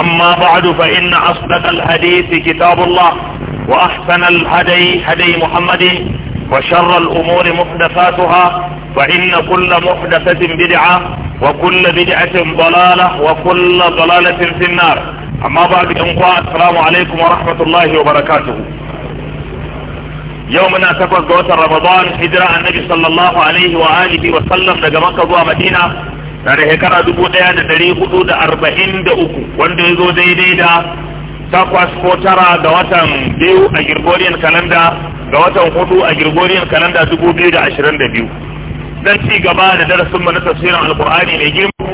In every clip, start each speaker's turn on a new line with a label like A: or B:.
A: أما بعد فإن أصدق الحديث كتاب الله وأحسن الهدي هدي محمد وشر الأمور محدثاتها فإن كل محدثة بدعة وكل بدعة ضلالة وكل ضلالة في النار أما بعد أنقوى السلام عليكم ورحمة الله وبركاته يومنا تقوى رمضان هجرة النبي صلى الله عليه وآله وسلم لقمك مدينة tare shekara dubu ɗaya da ɗari hudu da arba'in da uku wanda ya zo daidai da takwas ko tara ga watan biyu a Gregorian kalanda ga watan hudu a Gregorian kalanda dubu biyu da ashirin da biyu. zan ci gaba da darasin na tafsirin Alƙur'ani mai girma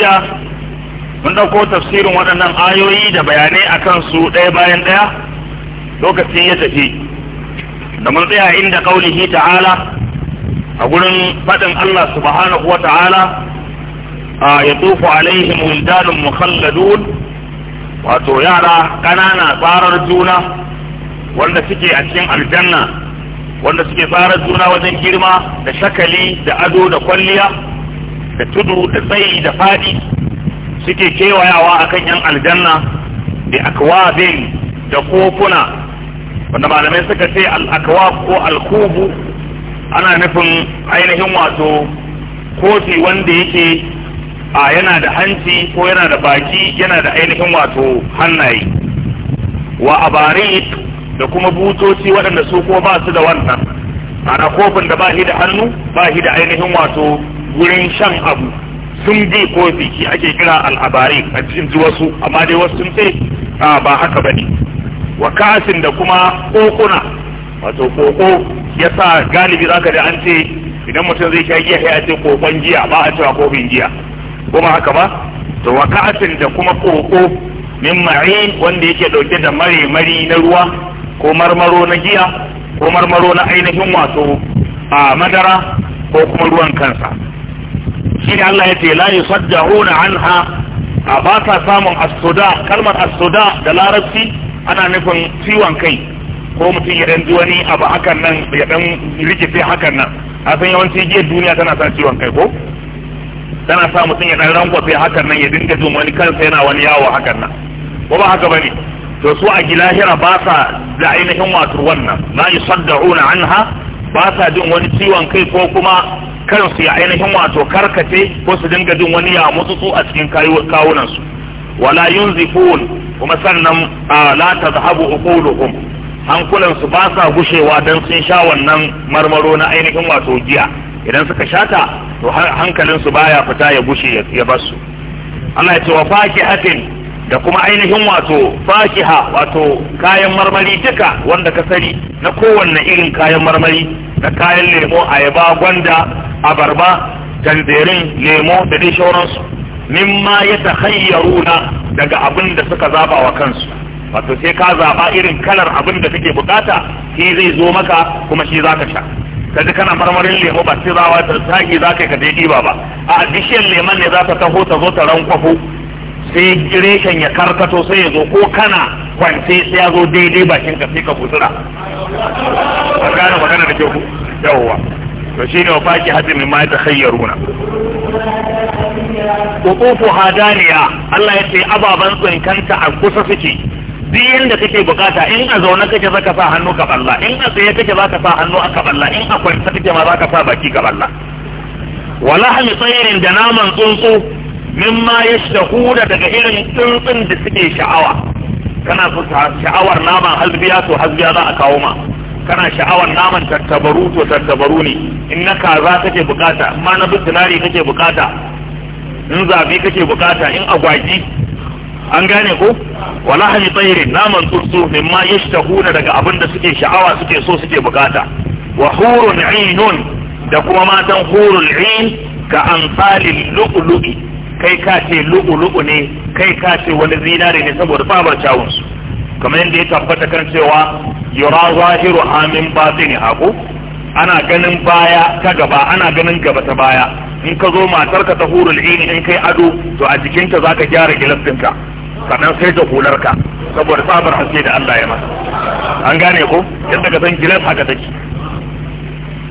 A: jiya mun ɗauko tafsirin waɗannan ayoyi da bayanai a kansu ɗaya bayan ɗaya lokacin ya tafi da mun tsaya inda ƙaunihi ta'ala a gurin faɗin Allah subhanahu wa ta'ala a ya tufu alaihim wildanun mukhalladun wato yara ƙanana tsarar juna wanda suke a cikin aljanna wanda suke tsarar juna wajen girma da shakali da ado da kwalliya da tudu da tsayi da fadi suke kewayawa a kan yan aljanna da akwabin da kofuna wanda malamai suka ce al’akwa ko alkubu ana nufin ainihin wato kofi wanda yake a yana da hanci ko yana da baki yana da ainihin wato hannaye wa abari da kuma butoci waɗanda su ko ba su da wannan ana kofin da ba shi da hannu ba shi da ainihin wato wurin shan abu sun bi ko ziki ake kira al'abari a cikin wasu amma dai wasu sun ce ba haka ne wa kasin da kuma kokuna wato koko sa galibi zaka da an ce idan mutum zai sha giya sai a ce kokon giya ba a cewa kofin giya kuma haka ba to wa kasin da kuma koko min mari wanda yake dauke da mare-mari na ruwa ko marmaro na giya ko marmaro na ainihin wato a madara ko kuma ruwan kansa shi ne Allah ya ce la yusaddauna anha a ba ta samun asuda kalmar asuda da larabci ana nufin ciwon kai ko mutum ya dan wani abu hakan nan ya dan rikice hakan nan a san yawanci jiya duniya tana sa ciwon kai ko tana sa mutum ya dan rangwafe hakan nan ya dinga jin wani kansa yana wani yawo hakan nan ko ba haka bane to su a gilahira ba sa da ainihin wato wannan la yusaddauna anha ba sa jin wani ciwon kai ko kuma kar su ya ainihin wato karkace ko su dinga jin wani ya mutsutsu a cikin kawunan su wala yunzifun kuma sannan la tazhabu uquluhum hankulan su ba sa gushewa dan sun sha wannan marmaro na ainihin wato giya idan suka shata to hankalin su baya fita ya gushe ya basu Allah ya ce wa fakihatin da kuma ainihin wato fashiha wato kayan marmari duka wanda ka sani na kowanne irin kayan marmari da kayan lemo ayaba gwanda abarba tanzirin lemo da dai shauransu mimma ya takhayyaruna daga abin da suka zaba wa kansu wato sai ka zaba irin kalar abin da kake bukata shi zai zo maka kuma shi zaka sha ka ji kana marmarin lemo ba sai zawa ta saki zaka ka je diba ba a bishiyar leman ne za ta taho ta zo ta rankwafo sai reshen ya karkato sai ya zo ko kana kwance sai ya zo daidai bakin ka sai ka gutsura an gane magana da kyau yawwa to shi ne wa faki hadin min ma ta khayyaruna kutufu hadaniya Allah ya ce ababan tsinkanta a kusa suke duk yanda kake bukata in a zaune kake zaka sa hannu ka balla in a tsaye kake zaka sa hannu a ka balla in a kwance kake ma zaka sa baki ka balla wala hami tsayirin da naman tsuntsu mimma ya shahura daga irin tsuntsun da suke sha'awa kana so sha'awar naman hasbiya to hasbiya za a kawo ma kana sha'awar naman tattabaru to tattabaru ne in na kaza kake bukata in ma na bitinari kake bukata in zabi kake bukata in agwagi an gane ko wala hali tsayirin naman tsuntsu mimma ya shahura daga abin da suke sha'awa suke so suke bukata wa hurun ainun da kuma matan hurun ain ka amsalin lu'lu'i kai ka ce lu'u lu'u ne kai ka ce wani zinare ne saboda babar cawunsu kamar yadda ya tabbata kan cewa yura zahiru amin ba ne haku ana ganin baya ta gaba ana ganin gaba ta baya in ka zo matar ka ta hurul ini in kai ado to a jikinta za ka gyara gilas ɗinka sannan sai da ka saboda tsabar haske da Allah ya masa an gane ko yadda ka san gilas haka take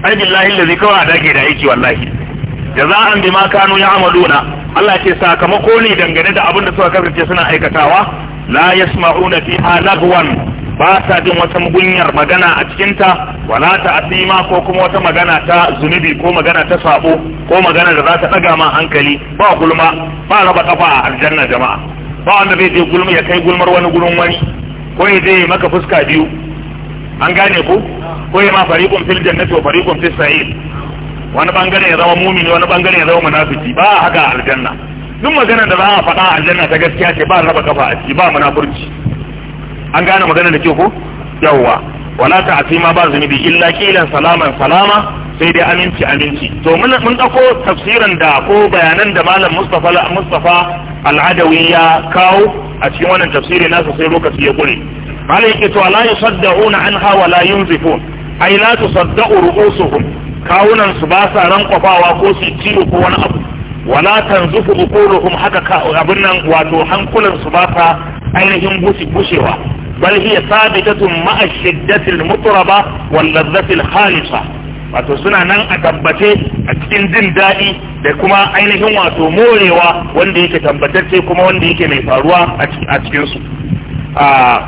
A: ai billahi lazi kawai a dage da aiki wallahi jaza'an bima kanu ya'maluna Allah ya ce sakamako ne dangane da abin da suka kafirce suna aikatawa la yasma'una fiha lagwan ba sa jin wata gunyar magana a cikinta wala ta asima ko kuma wata magana ta zunubi ko magana ta sabo ko magana da za ta daga ma hankali ba gulma ba raba kafa a aljanna jama'a ba wanda zai je gulma ya kai gulmar wani gurin wani ko ya je maka fuska biyu an gane ku ko ya ma fariqun fil jannati wa fariqun fis sa'id wani bangare ya zama mumini wani bangare ya zama munafiki ba haka aljanna duk magana da za a faɗa aljanna ta gaskiya ce ba raba kafa a ciki ba munafurci an gane magana da ke ko yawwa wala ta asima ba zunubi illa kilan salaman salama sai dai aminci aminci to mun ɗauko tafsirin da ko bayanan da malam mustafa mustafa al'adawi ya kawo a cikin wannan tafsiri nasa sai lokaci ya kure malam yake to la yusaddauna anha wala yunzifun ay la tusaddau ru'usuhum kawunan su ba sa rankwafawa ko su ciwo ko wani abu wala tanzufu uquluhum haka ka abin nan wato hankulan su ba sa ainihin bushi bushewa bal hiya sabitatun ma'a shiddati mutraba wal ladhati al-khalisa wato suna nan a tabbace a cikin jin daɗi da kuma ainihin wato morewa wanda yake tabbatacce kuma wanda yake mai faruwa a cikinsu. Ah,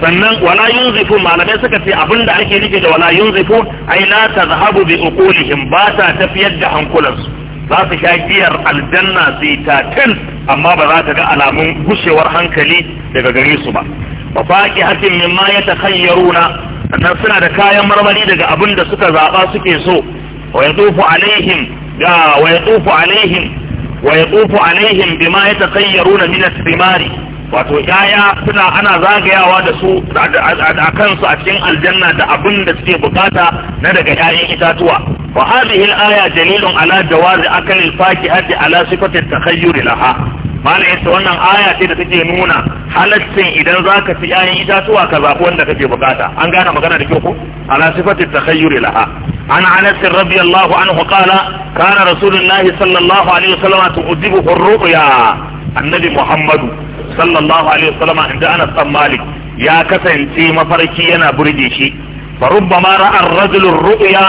A: sannan wala yunzifu malamai suka ce abinda ake nufi da wala yunzifu ai la tazhabu bi uqulihim ba ta tafiyar da hankulansu za su sha giyar aljanna su amma ba za ta ga alamun gushewar hankali daga gare su ba wa faqi hakin mimma yatakhayyaruna sannan suna da kayan marmari daga abin da suka zaba suke so wa yatufu alaihim ga wa yatufu alaihim wa yatufu alaihim bima min thimari wato yaya suna ana zagayawa da su a kansu a cikin aljanna da abin da suke bukata na daga 'ya'yan itatuwa wa hadhihi al-aya dalilun ala jawazi akal al-fakihati ala sifati at-takhayyur laha malai yace wannan aya ce da take nuna halaccin idan zaka ci 'ya'yan itatuwa ka zabi wanda kake bukata an gane magana da kyau ko ala sifati at-takhayyur laha عن انس رضي الله عنه قال كان رسول الله صلى الله عليه وسلم تؤدبه الرؤيا النبي محمد sallallahu alaihi wasallam inda Anas bin Malik ya kasance mafarki yana burge shi farubbama ra'a ar-rajulu ar-ru'ya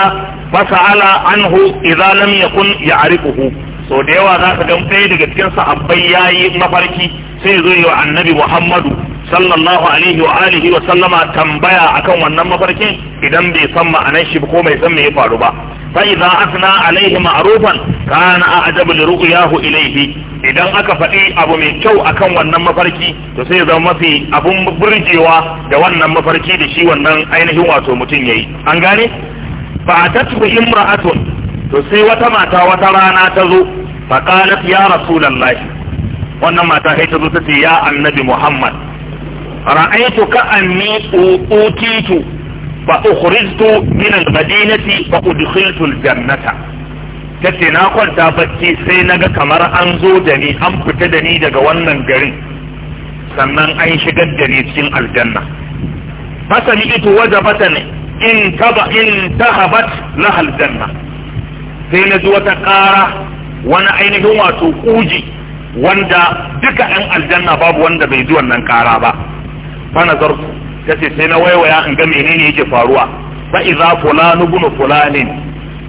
A: fasala anhu idza lam yakun ya'rifuhu so da yawa za ka ga ɗaya daga cikin sahabbai yayi mafarki sai zo yi wa annabi Muhammadu sallallahu alaihi wa alihi wa sallama tambaya akan wannan mafarkin idan bai san ma'anar shi ko bai san me ya faru ba فإذا أثنى عليه معروفا ajabu أعجب لرؤياه إليه idan aka faɗi abu mai kyau akan wannan mafarki to sai zama mafi abun burgewa da wannan mafarki da shi wannan ainihin wato mutum yayi an gane fa tatu imra'atun to sai wata mata wata rana ta zo fa qalat ya rasulullahi wannan mata sai ta zo ta ce ya annabi muhammad ra'aytu ka anni utitu ba ukhrijtu min madinati fa udkhiltu al-jannata tace na kwanta bacci sai naga kamar an zo da ni an fita da ni daga wannan garin sannan an shigar da ni cikin aljanna fasami itu wajabatan in taba in tahabat aljanna sai na ji wata ƙara wani ainihin wato kuji wanda duka yan aljanna babu wanda bai ji wannan ƙara ba fa nazartu tace sai na waiwaya in ga menene yake faruwa fa idza fulanu bunu fulanin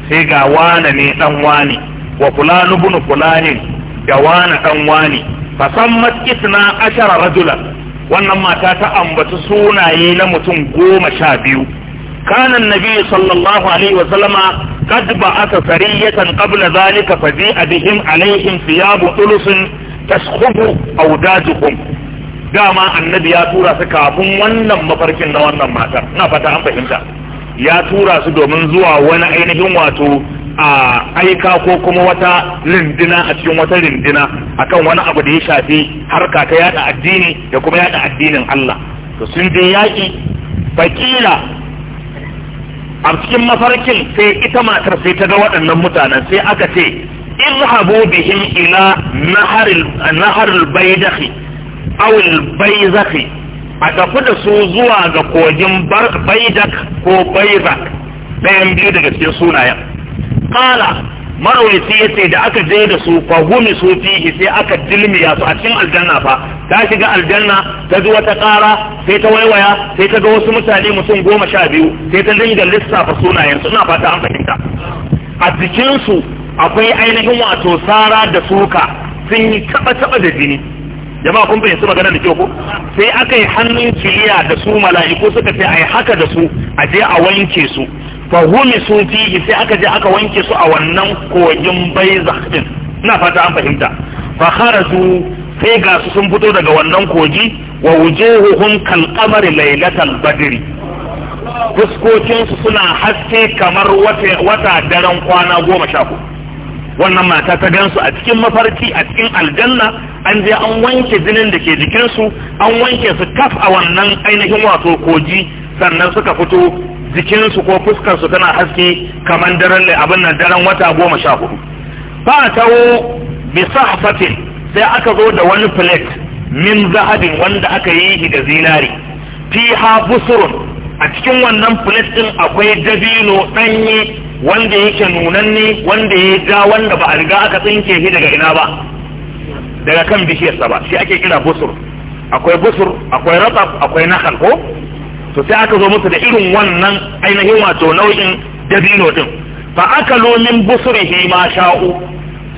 A: sai ga wane ne dan wani wa fulanu bunu fulanin ga wane dan wani. fa sammat itna ashara rajula wannan mata ta ambaci sunaye na mutum goma sha biyu kana annabi sallallahu alaihi wa sallama qad ba'atha sariyatan qabla dhalika fa bihim alaihim thiyabu tulus tashubu awdajuhum dama annabi ya tura su kafin wannan mafarkin na wannan matar na fata an fahimta ya tura su domin zuwa wani ainihin wato a aika ko kuma wata rindina a cikin wata rindina akan wani abu da ya shafi harka ta yada addini da kuma yada addinin Allah to sun je yaki fakila a cikin mafarkin sai ita matar sai ta ga waɗannan mutanen sai aka ce irhabu bihim ila naharil naharil bai zafi a tafi da su zuwa ga kogin baidak ko baizak ɗayan biyu daga cikin sunayen kala marwaisi ya ce da aka je da su fahumi su fihi sai aka dilmiya su a cikin aljanna fa ta shiga aljanna ta ji wata ƙara sai ta waiwaya sai ta ga wasu mutane mutum goma sha biyu sai ta dinga lissafa sunayen suna fata an fahimta a jikinsu akwai ainihin wato sara da suka sun yi taɓa-taɓa da jini jama'a kun fahimci magana da kyau ko sai aka yi hannun kiliya da su mala'iku suka ce ai haka da su a je a wanke su fa humi su fihi sai aka je aka wanke su a wannan kogin bai din ina fata an fahimta fa kharaju sai ga su sun fito daga wannan kogi wa wujuhuhum kal qamari badiri badri suna haske kamar wata daren kwana goma sha wannan mata ta gansu a cikin mafarki a cikin aljanna an je an wanke jinin da ke jikinsu an wanke su kaf a wannan ainihin wato koji sannan suka fito jikinsu ko fuskarsu tana haske kamar daren abin nan daren wata goma sha hudu fa tawo bi sahfatin sai aka zo da wani plate min zahabin wanda aka yi shi da zinari fiha busurun a cikin wannan plate din akwai dabino danye wanda yake nunanne wanda ya ja wanda ba a riga aka tsinke shi daga ina ba daga kan bishiyarsa ba shi ake kira busur akwai busur akwai ratsaf akwai nahal ko to sai aka zo musu da irin wannan ainihin wato nau'in dabino din fa aka min busurihi ma sha'u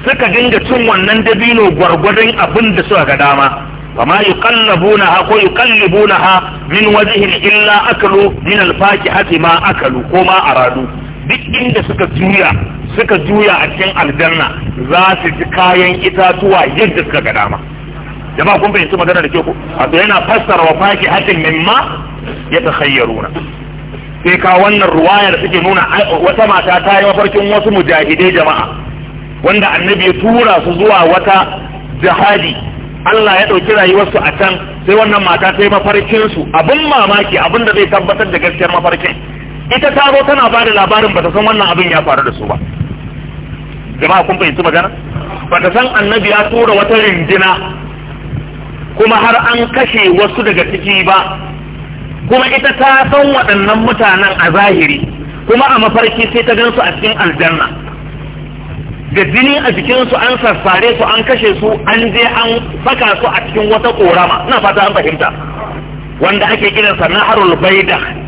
A: suka dinga cin wannan dabino gwargwadon abin da suka ga dama فما يقلبونها كو يقلبونها من وجه إلا أكلوا من الفاكهة ما أكلوا كما أرادوا duk inda suka juya suka juya a cikin aljanna za su ji kayan itatuwa yadda suka ga dama jama'a kun fahimci magana da ke ku a to yana fassara wa faki hatin mimma ya ta khayyaruna sai ka wannan ruwaya da suke nuna wata mata ta yi mafarkin wasu mujahidai jama'a wanda annabi ya tura su zuwa wata jihadi Allah ya ɗauki rayuwarsu a can sai wannan mata ta yi mafarkinsu abin mamaki abin da zai tabbatar da gaskiyar mafarkin ita ta zo tana ba da labarin bata san wannan abin ya faru da su ba jama'a kun fahimci magana bata san annabi ya tura wata rinjina kuma har an kashe wasu daga ciki ba kuma ita ta san waɗannan mutanen a zahiri kuma a mafarki sai ta gansu a cikin aljanna da jini a jikinsu an sassare su an kashe su an je an saka su a cikin wata ƙorama ina fata an fahimta wanda ake kiransa naharul baida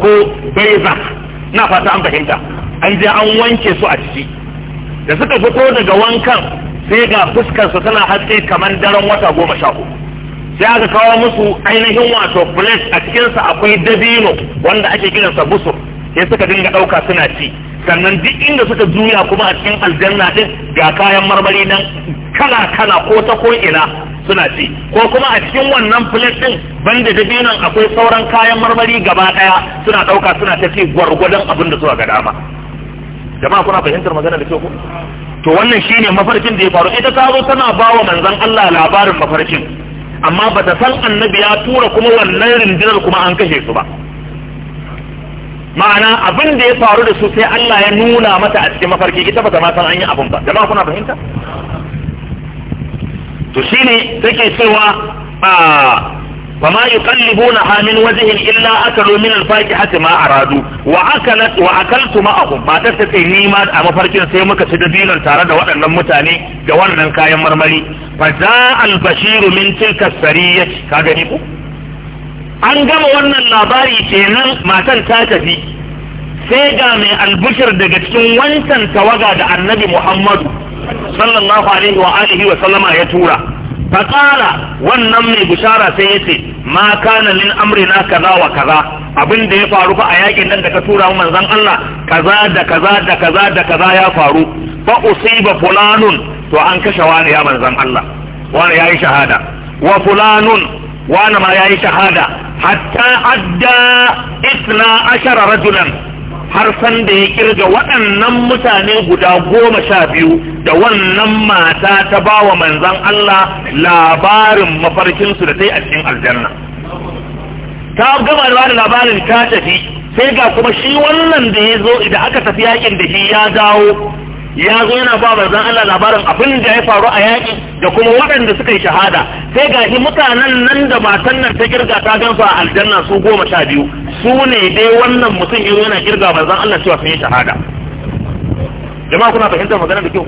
A: ko beza na fata an fahimta an je an wanke su a ciki da suka fito daga wankan sai ga fuskarsa tana haske kamar daren wata goma sha uku sai aka kawo musu ainihin wato plate a cikinsa akwai dabino wanda ake kiransa busur sai suka dinga ɗauka suna ci sannan duk inda suka juya kuma a cikin aljanna din ga kayan marmari nan kala kala ko ta ko ina suna ci ko kuma a cikin wannan plate din banda dabinan akwai sauran kayan marmari gaba daya suna dauka suna ta ci gwargwadon abin da suka ga dama jama'a kuna fahimtar magana da kyau ku? to wannan shine mafarkin da ya faru ita ta zo tana wa manzon Allah labarin mafarkin amma bata san annabi ya tura kuma wannan rindinar kuma an kashe su ba ma'ana abin da ya faru da su sai Allah ya nuna mata a cikin mafarki ita ba ta ma san abin ba da kuna fahimta to shi ne take cewa a fa ma yuqallibu naha min wajhin illa aka min al-faqih ma aradu wa akalat wa ba ta ce ni ma a mafarkin sai muka ci dabinan tare da waɗannan mutane da wannan kayan marmari fa za al-bashir min tilka sariyati ka gani ku an gama wannan labari kenan matan ta tafi sai ga mai albushir daga cikin wancan tawaga da annabi muhammadu sallallahu alaihi wa alihi wa sallama ya tura faƙala wannan mai bushara sai ya ce ma kana min amrina kaza wa kaza abin da ya faru fa a yakin nan da ka tura mu manzon Allah kaza da kaza da kaza da kaza ya faru fa usiba fulanun to an kashe wani ya manzon Allah wani yayi shahada wa fulanun wani ma ya yi shahada hatta adda isna ashara rajulan har san da ya kirga waɗannan mutane guda goma sha biyu da wannan mata ta ba wa manzan Allah labarin mafarkinsu da ta yi a cikin aljanna ta gama da wani labarin ta tafi sai ga kuma shi wannan da ya zo idan aka tafi yakin da shi ya dawo ya zo yana ba manzon Allah labarin abin da ya faru a yaƙi da kuma waɗanda suka yi shahada sai gashi mutanen nan da matan nan ta girga ta gansu a aljanna su goma sha biyu su ne dai wannan mutum ya yana girga manzon Allah cewa sun yi shahada jama'a kuna fahimtar magana da kyau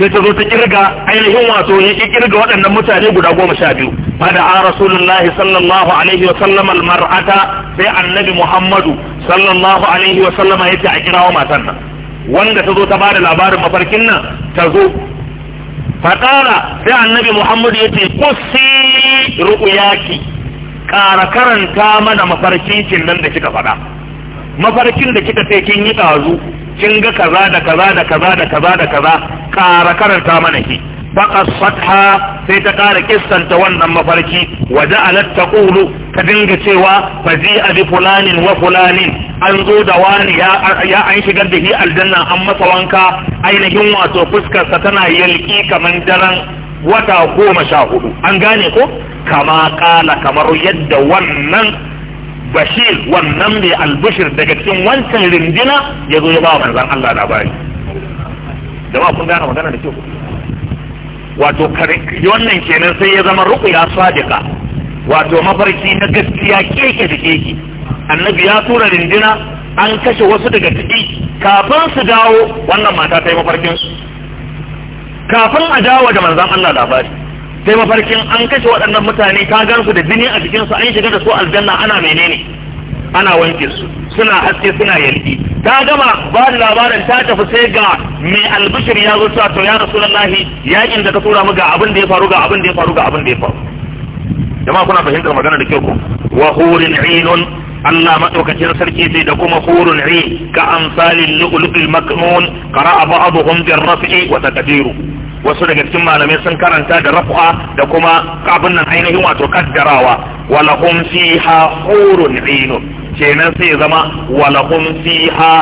A: sai ta zo ta kirga ainihin wato ya ki kirga waɗannan mutane guda goma sha biyu bada a rasulullahi sallallahu alaihi wa sallama mar'ata sai annabi muhammadu sallallahu alaihi wa sallama ya ce a kirawo matan nan wanda ta zo ta bada labarin mafarkin nan ta zo faƙara sai annabi muhammadu ya ce kusi ru'uyaki ƙara karanta mana mafarkin kin nan da kika faɗa mafarkin da kika sai kin yi ɗazu kin ga kaza da kaza da kaza da kaza da kaza ƙara karanta mana ki faƙasatha sai ta ƙara kistanta wannan mafarki waje alatta taqulu ka dinga cewa fa zi abi fulanin wa fulanin an zo da wani ya an shigar da shi aljanna an masa wanka ainihin wato fuskarsa tana yalki kamar daren wata goma sha hudu an gane ko kama kala kamar yadda wannan bashir wannan mai albushir daga cikin wancan rindina ya zo ya ba manzan Allah labari ba kun gane magana da kyau wato wannan kenan sai ya zama ruku ruqya sadiqa wato mafarki na gaskiya keke da keke annabi ya tura rindina an kashe wasu daga ciki kafin su dawo wannan mata ta yi mafarkin su kafin a dawo da manzan Allah labari sai mafarkin an kashe waɗannan mutane ta gan su da jini a jikinsu an shiga da su aljanna ana menene ana wanke su suna haske suna yalki ta gama ba da labarin ta tafi sai ga mai albishir ya zo ta to ya rasulullahi yakin da ka tura mu ga abin da ya faru ga abin da ya faru ga abin da ya faru jama'a kuna fahimtar magana da kyau ko wa hurin ainun Allah madaukakin sarki sai da kuma hurun ain ka amsalil lu'lu'il maknun qara'a ba'dhum bil raf'i wa taqdiru wasu daga cikin malamai sun karanta da raf'a da kuma abin nan ainihin wato kaddarawa walahum fiha hurun ainun kenan sai zama walahum fiha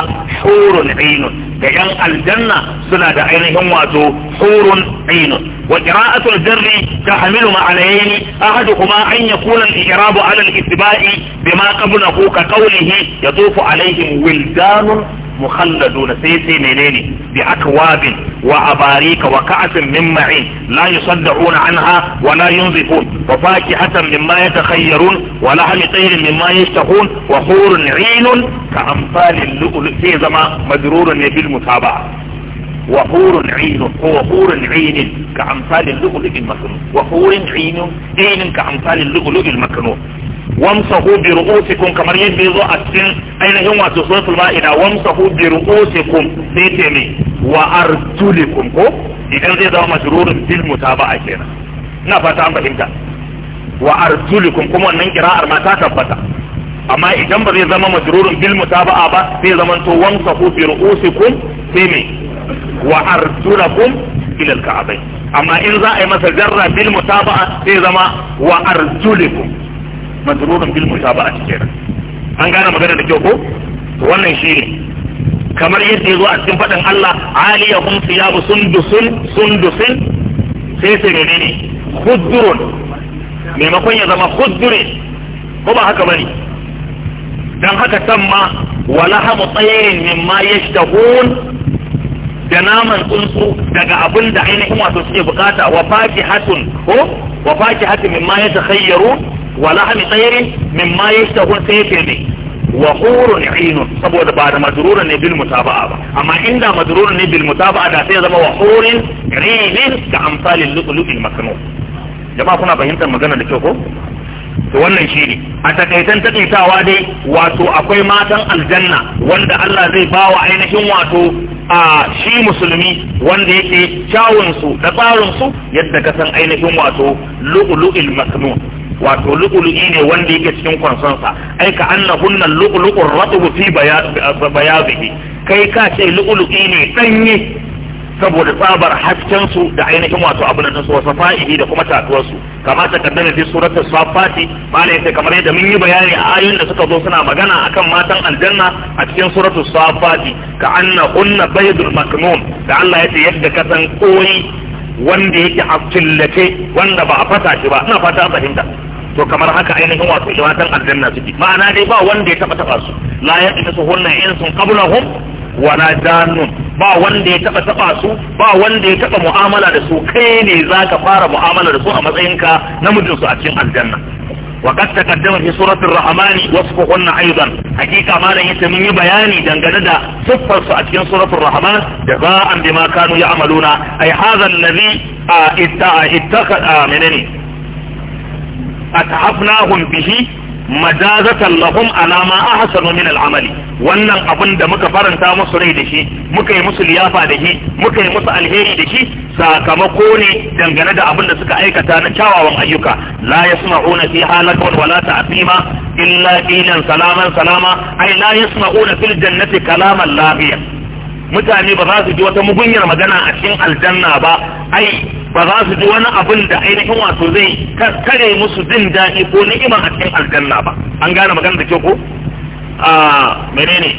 A: hurun ainun ga yan aljanna suna da ainihin wato hurun ainun وقراءة الجر تحمل معنيين أحدهما أن يكون الإعراب على الإتباع بما قبل أخوك قوله يطوف عليهم ولدان مخلدون سيسي منيني بأكواب وأباريك وكعس من معين لا يصدعون عنها ولا ينظفون وفاكهة مما يتخيرون ولحم طير مما يشتهون وحور عين كأمثال اللؤلؤ في زمان مجرور بالمتابعة وحور عين وحور عين كأمثال اللؤلؤ المكنون وحور عين عين كأمثال اللؤلؤ المكنون وامسحوا برؤوسكم كما يبيض السن أين هم وتصوف المائدة وامسحوا برؤوسكم سيتمي وأرجلكم كو إذن زي ذا مجرور بالمتابعة كنا نفتا بهمتا وأرجلكم كما ان قراءه ما تثبت أما اذا بزي ذا مجرور بالمتابعة با في زمان تو وامسحوا برؤوسكم سيمي wa arjulakum ila alka'abain amma in za a yi masa jarra bil mutaba'a sai zama wa arjulikum majrurun bil mutaba'a cikin an gane magana da kyau ko wannan wannan shine kamar yadda ya zo a cikin fadin Allah aliyahum thiyabu sundusun sundusin sai sai menene khudurun maimakon ya zama khudure ko ba haka bane dan haka tamma ma wala hamu tsayin mimma yashtahun da naman tsuntsu daga abin da ainihin wato suke bukata wa faki hatun ko wa faki hatun mimma ya ta takhayyaru wa lahmi tsairin mimma ya ta sai yake ne wa hurun inun saboda ba da madrura ne bil mutaba'a ba amma inda madrura ne bil mutaba'a da sai zama wa hurun ainun ka amsalin lu'lu'il maknun jama'a kuna fahimtar magana da kyau ko to wannan shi ne a takaitan takaitawa dai wato akwai matan aljanna wanda Allah zai bawa ainihin wato a shi musulmi wanda yake kyawunsu da su yadda ka san ainihin wato lu'ulu'il maknun wato lu'ulu'i ne wanda yake cikin kwansonsa ai ka annahunna lu'ulu'ur ratbu fi bayazihi kai ka ce lu'ulu'i ne danye saboda tsabar haskensu da ainihin wato abin nan su wasa da kuma tatuwarsu kama ta kaddama fi suratul safati malai sai kamar yadda mun yi bayani a ayoyin da suka zo suna magana akan matan aljanna a cikin suratul safati ka annahunna baydul maknun da Allah ya ce yadda ka san koyi wanda yake a killace wanda ba a fata shi ba ina fata fahimta to kamar haka ainihin wato matan aljanna suke ma'ana dai ba wanda ya taba taba su la ya'tisu su hunna in sun qablahum wala janun ba wanda ya taba taba su ba wanda ya taba mu'amala da su kai ne zaka fara mu'amala da su a matsayinka namijin su a cikin aljanna wa qad taqaddama fi surati ar-rahmani wasfuhunna aidan hakika malan yace mun yi bayani dangane da siffar su a cikin suratul rahman jaza'an bima kanu ya'maluna ay hadha alladhi ittakhadha minani atahafnahum bihi majazatan lahum ala ma ahsanu min al'amali. amali wannan abin da muka faranta musu rai da shi muka yi musu liyafa da shi muka yi musu alheri da shi sakamako ne dangane da abin da suka aikata na kyawawan ayyuka la yasma'una fi halakun wala ta'sima illa qilan salaman salama ai la yasma'una fil jannati kalaman lafiya mutane ba za su ji wata mugunyar magana a cikin aljanna ba ai ba za su ji wani abin da ainihin wato zai kare musu jin daɗi ko ni'ima a cikin aljanna ba an gane magana da ke ko a ah, menene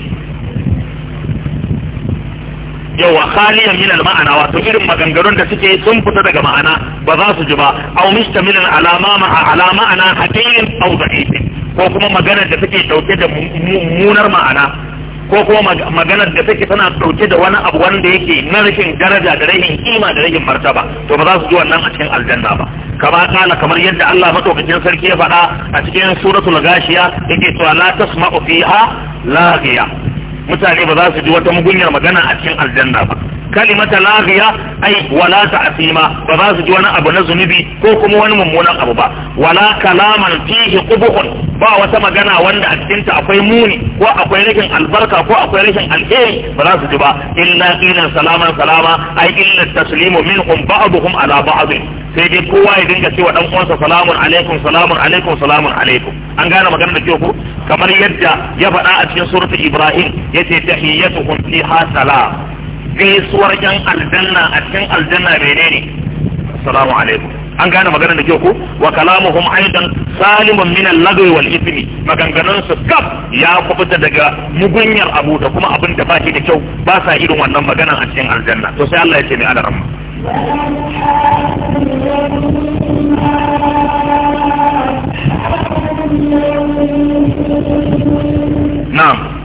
A: yawa khaliyan min al-ma'ana wato irin maganganun da suke sun fita daga ma'ana ba za su ji ba aw mustamilan ala ma ala ma'ana hadiyin aw ko kuma maganar da take dauke da munar ma'ana ko kuma maganar da take tana dauke da wani abu wanda yake na rashin daraja da rashin kima da rashin martaba to ba za su ji wannan a cikin aljanna ba kama kana kamar yadda Allah madaukakin sarki ya faɗa a cikin suratul gashiya yake cewa la tasma'u fiha laghiya mutane ba za su ji wata mugunyar magana a cikin aljanna ba kalimata laghiya ai wala ta'sima ba za su ji wani abu na zunubi ko kuma wani mummunan abu ba wala kalaman fihi qubhun ba wata magana wanda a cikin ta akwai muni ko akwai rashin albarka ko akwai rashin alheri ba za su ji ba illa qilan salaman salama ai illa taslimu minhum ba'dhum ala ba'd sai dai kowa ya dinga cewa dan uwansa salamun alaikum salamun alaikum salamun alaikum an gane magana da kyau ko kamar yadda ya faɗa a cikin suratul ibrahim yace tahiyyatuhum fiha salam gaisuwar yan aljanna a cikin aljanna menene assalamu alaikum an gane magana da kyau ko wa kalamuhum aidan salimun min al-lagwi wal ithmi maganganun su kaf ya kubuta daga mugunyar abu da kuma abin da baki da kyau ba sa irin wannan magana a cikin aljanna to sai Allah ya ce ni ala rahma na'am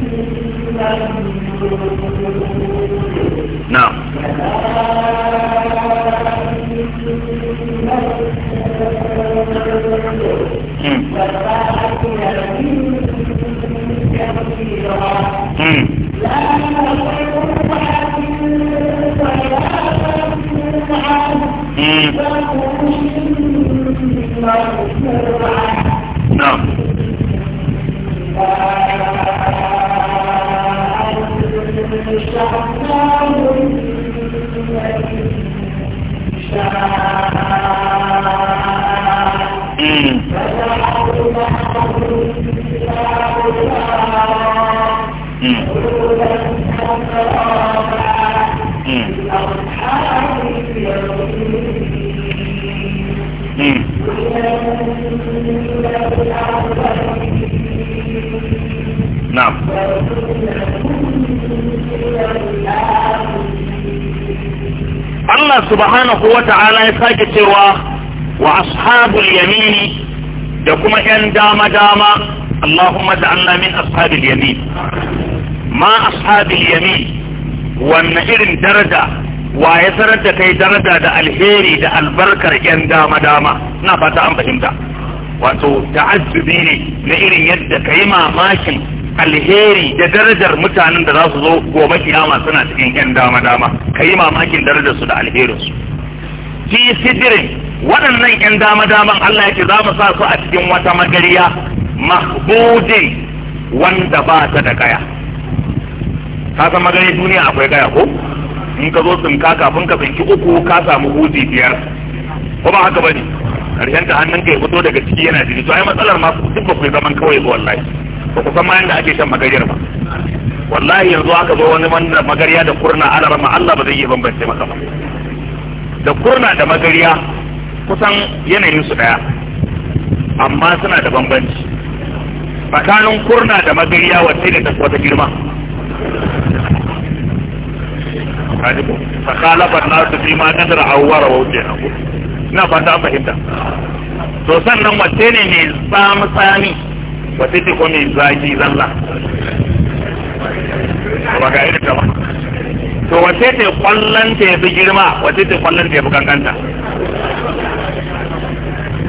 A: subhanahu wa ta'ala ya sake cewa wa ashabul yamini da kuma yan dama dama Allahumma ja'alna min ashabil yamin ma ashabil yamin wanne irin daraja wa ya sanar da kai daraja da alheri da albarkar yan dama dama na fata an fahimta wato ta'azzubi ne na irin yadda kai mamakin alheri da darajar mutanen da za su zo gobe kiyama suna cikin yan dama dama ka yi mamakin darajar su da alherin su fi sidirin waɗannan ƴan dama daman Allah ya ce za mu sa su a cikin wata magariya mahbudin wanda ba ta da kaya ka san magariya duniya akwai kaya ko in ka zo tsinka kafin ka tsinki uku ka samu huji biyar ko ba haka bane karshen ta hannun ka ya fito daga ciki yana jini to ai matsalar ma duk ba ku zaman kawai ba wallahi ba ku san ma yanda ake shan magariyar ba wallahi yanzu aka zo wani wanda magariya da kurna ana rama Allah ba zai iya bambance maka ba da kurna da magariya kusan yanayin su daya amma suna da bambanci tsakanin kurna da magariya wacce da ta wata girma na su fi ma kadar awwara wa wuce na ta fahimta to sannan wacce ne mai tsami tsami wacce ce ko mai zaki zalla ba ga irin ta ba to wace ce kwallon ta yafi girma wace ce kwallon ta yafi kankanta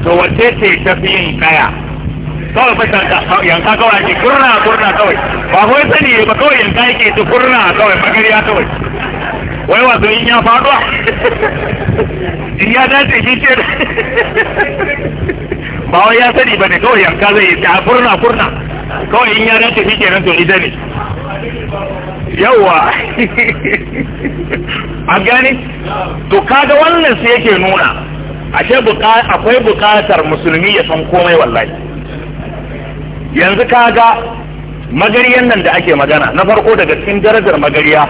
A: to wace ce ta fi yin kaya kawai fa yanka kawai ake kurna kurna kawai ba kawai sani ba kawai yanka yake ta kurna kawai magariya kawai wai wato in ya faduwa in ya dace shi ce ba wai ya sani ba ne kawai yanka zai yi ta kurna kurna kawai in ya dace shi kenan to ita ne yawa an gani to kaga wannan sai yake nuna ashe akwai bukatar musulmi ya san komai wallahi yanzu kaga magariyan nan da ake magana na farko daga cikin darajar magariya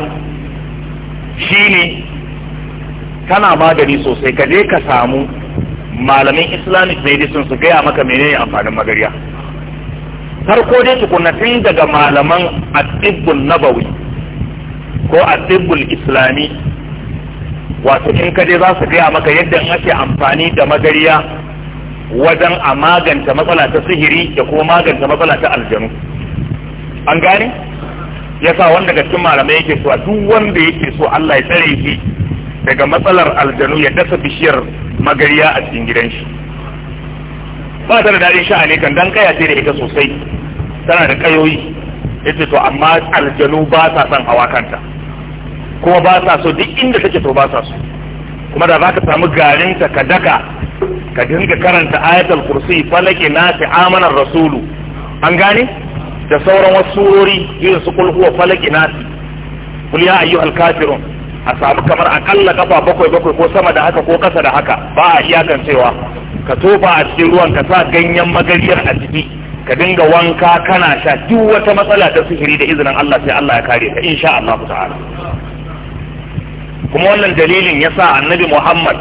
A: shine kana magani sosai ka je ka samu malamin islamic medicine su gaya maka menene amfanin magariya farko dai tukunna tun daga malaman atibbun nabawi ko a tsibbul islami wato in ka je za su gaya maka yadda in ake amfani da magariya wajen a maganta matsala ta sihiri da kuma maganta matsala ta aljanu an gane ya sa wanda ga cikin malamai yake so a duk wanda yake so Allah ya tsare shi daga matsalar aljanu ya dasa bishiyar magariya a cikin gidan shi ba ta da daɗin sha'ani kan dan kaya ce da ita sosai tana da kayoyi ita to amma aljanu ba ta son hawa kanta kuma ba sa so duk inda take to ba sa so kuma da zaka samu garinta ka daka ka dinga karanta ayatul kursi falaki fi amanar rasulu an gane da sauran wasu surori irin su kul huwa falaki fi. kul ya ayyuhal kafirun a samu kamar akalla kafa bakwai bakwai ko sama da haka ko kasa da haka ba a iyakan cewa ka tofa a cikin ruwan ka sa ganyen magariyar a ciki ka dinga wanka kana sha duk wata matsala ta sihiri da izinin Allah sai Allah ya kare ka insha Allah ta'ala kuma wannan dalilin ya sa annabi muhammad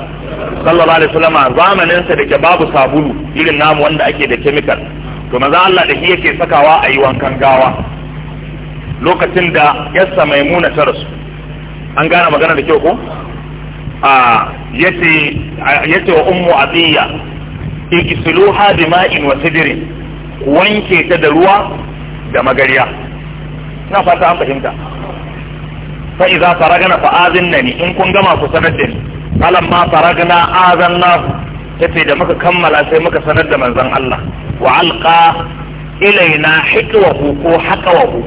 A: sallallahu alaihi wasallam zamaninsa da ke babu sabulu irin namu wanda ake da kemikal to maza Allah da shi yake sakawa a yi wankan gawa lokacin da yassa maimuna ta rasu an gane magana da kyau ko a yace wa ummu adiyya ikisluha bima'in wa sidrin wanke ta da ruwa da magariya ina fata an fahimta fa idza faragana fa azinnani in kun gama ku sanar da ni falamma faragna azannahu Tafi da muka kammala sai muka sanar da manzon Allah wa alqa ilaina hikwahu ko hakawahu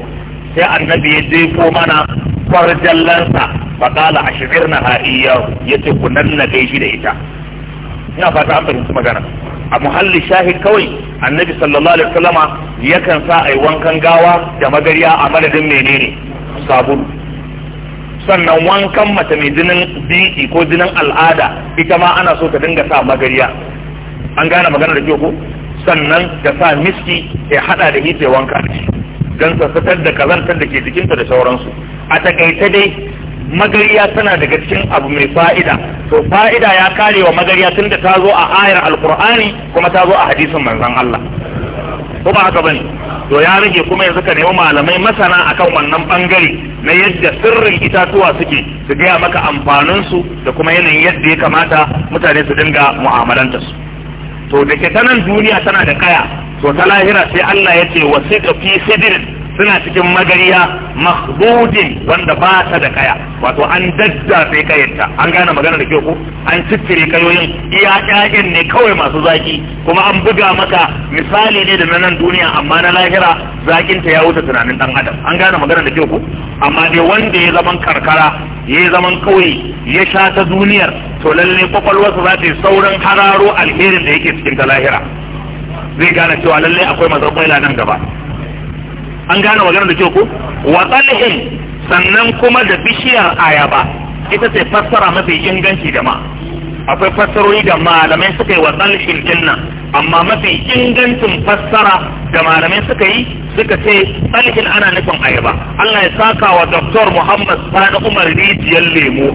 A: sai annabi ya jefo mana farjallansa fa qala ashbirna ha iyyahu yace ku nanna kai shi da ita ina fata an fahimci magana a muhalli shahid kawai annabi sallallahu alaihi wasallama yakan sa ai wankan gawa da magariya a madadin menene sabulu sannan wankan mace mai jinin biki ko jinin al'ada ita ma ana so ta dinga sa magariya an gane magana da ko sannan ta sa miski ya hada da hita wanka da shi don da kazantar da ke jikinta da sauransu a takaice dai magariya tana daga cikin abu mai fa'ida to fa'ida ya karewa wa magariya tun da ta zo a ayar alkur'ani kuma ta zo a hadisin manzon Allah ko ba haka bane to ya rage kuma yanzu ka nemi malamai masana akan wannan bangare na yadda sirrin itatuwa suke su gaya maka amfanin su da kuma yanayin yadda ya kamata mutane su dinga mu'amalanta su to da ke ta nan duniya tana da kaya to ta lahira sai Allah ya ce wasiqa fi sidrin suna cikin magariya mahbudin wanda ba ta da kaya wato an dadda daddafe kayanta an gane magana da kyau ko an cikire kayoyin iya kayan ne kawai masu zaki kuma an buga maka misali ne da na nan duniya amma na lahira zakin ta ya wuce tunanin dan adam an gane magana da kyau ko amma dai wanda ya zaman karkara ya zaman kawai ya sha ta duniyar to lalle kwakwalwarsa za ta yi saurin hararo alherin da yake cikin ta lahira zai gane cewa lalle akwai mazan nan gaba an gane maganar da kyau ko wa sannan kuma da bishiyar ayaba ita ce fassara mafi inganci da ma akwai fassarori da malamai suka yi wa tsalshin jinna amma mafi ingancin fassara da malamai suka yi suka ce tsalshin ana nufin ayaba Allah ya saka wa Dr. Muhammad Sani Umar rijiyar lemo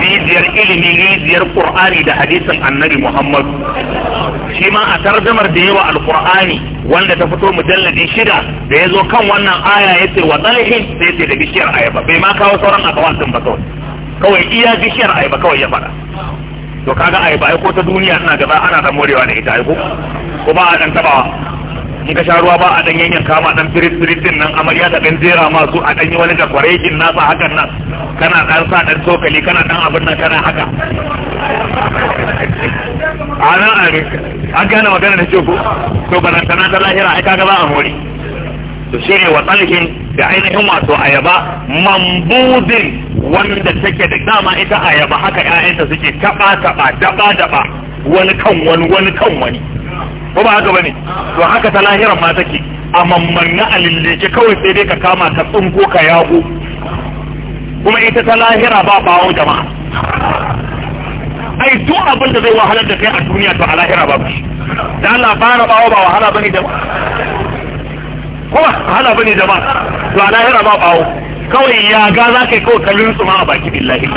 A: rijiyar ilimi rijiyar Qur'ani da hadisin Annabi Muhammad shi ma a tarjamar da yawa alkur'ani wanda ta fito mujalladi shida da ya zo kan wannan aya ya ce wa tsalshin sai ce da bishiyar ayaba bai ma kawo sauran akawantin ba kawai kawai iya bishiyar ayaba kawai ya faɗa to kaga ai ba ko ta duniya ina gaba ana da morewa da ita ai ko ko ba a dan tabawa in ka sha ruwa ba a dan yanyan kama dan firit firit din nan amarya da dan jera ma su a dan yi wani da kwarekin nasa hakan nan kana dan sa dan tokali kana dan abin nan kana haka ana an gane magana da ko to ba ta na ta lahira ai kaga ba a more to shine wa talhin da ainihin wato ayaba mambudin wanda take da dama ita ayaba haka ƴaƴanta suke taɓa taɓa daɓa daɓa wani kan wani wani kan wani ko ba haka bane to haka ta lahiran ma take a mammanna a lilleke kawai sai dai ka kama ka tsinko ka yago kuma ita ta lahira ba bawo jama'a ai duk abin da zai wahalar da kai a duniya to a lahira ba shi da Allah fara bawo ba wahala bane jama'a kuma wahala bane jama'a to a lahira ba bawo kawai ya ga za ka yi kawai kallon su ma a baki billahi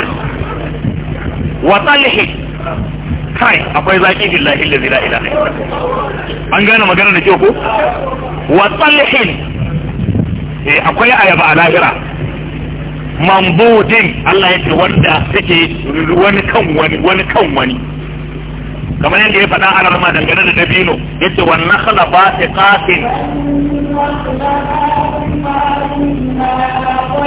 A: wa tsallihi kai akwai zaki billahi lazi la ilaha an gane magana da kyau ko wa tsallihi eh, akwai ayaba a lahira mambudin Allah ya ce wanda take wani kan wani wani kan wani kamar yadda ya faɗa a rama dangane da dabino ya ce wannan khala ba ta kafin
B: Na'am.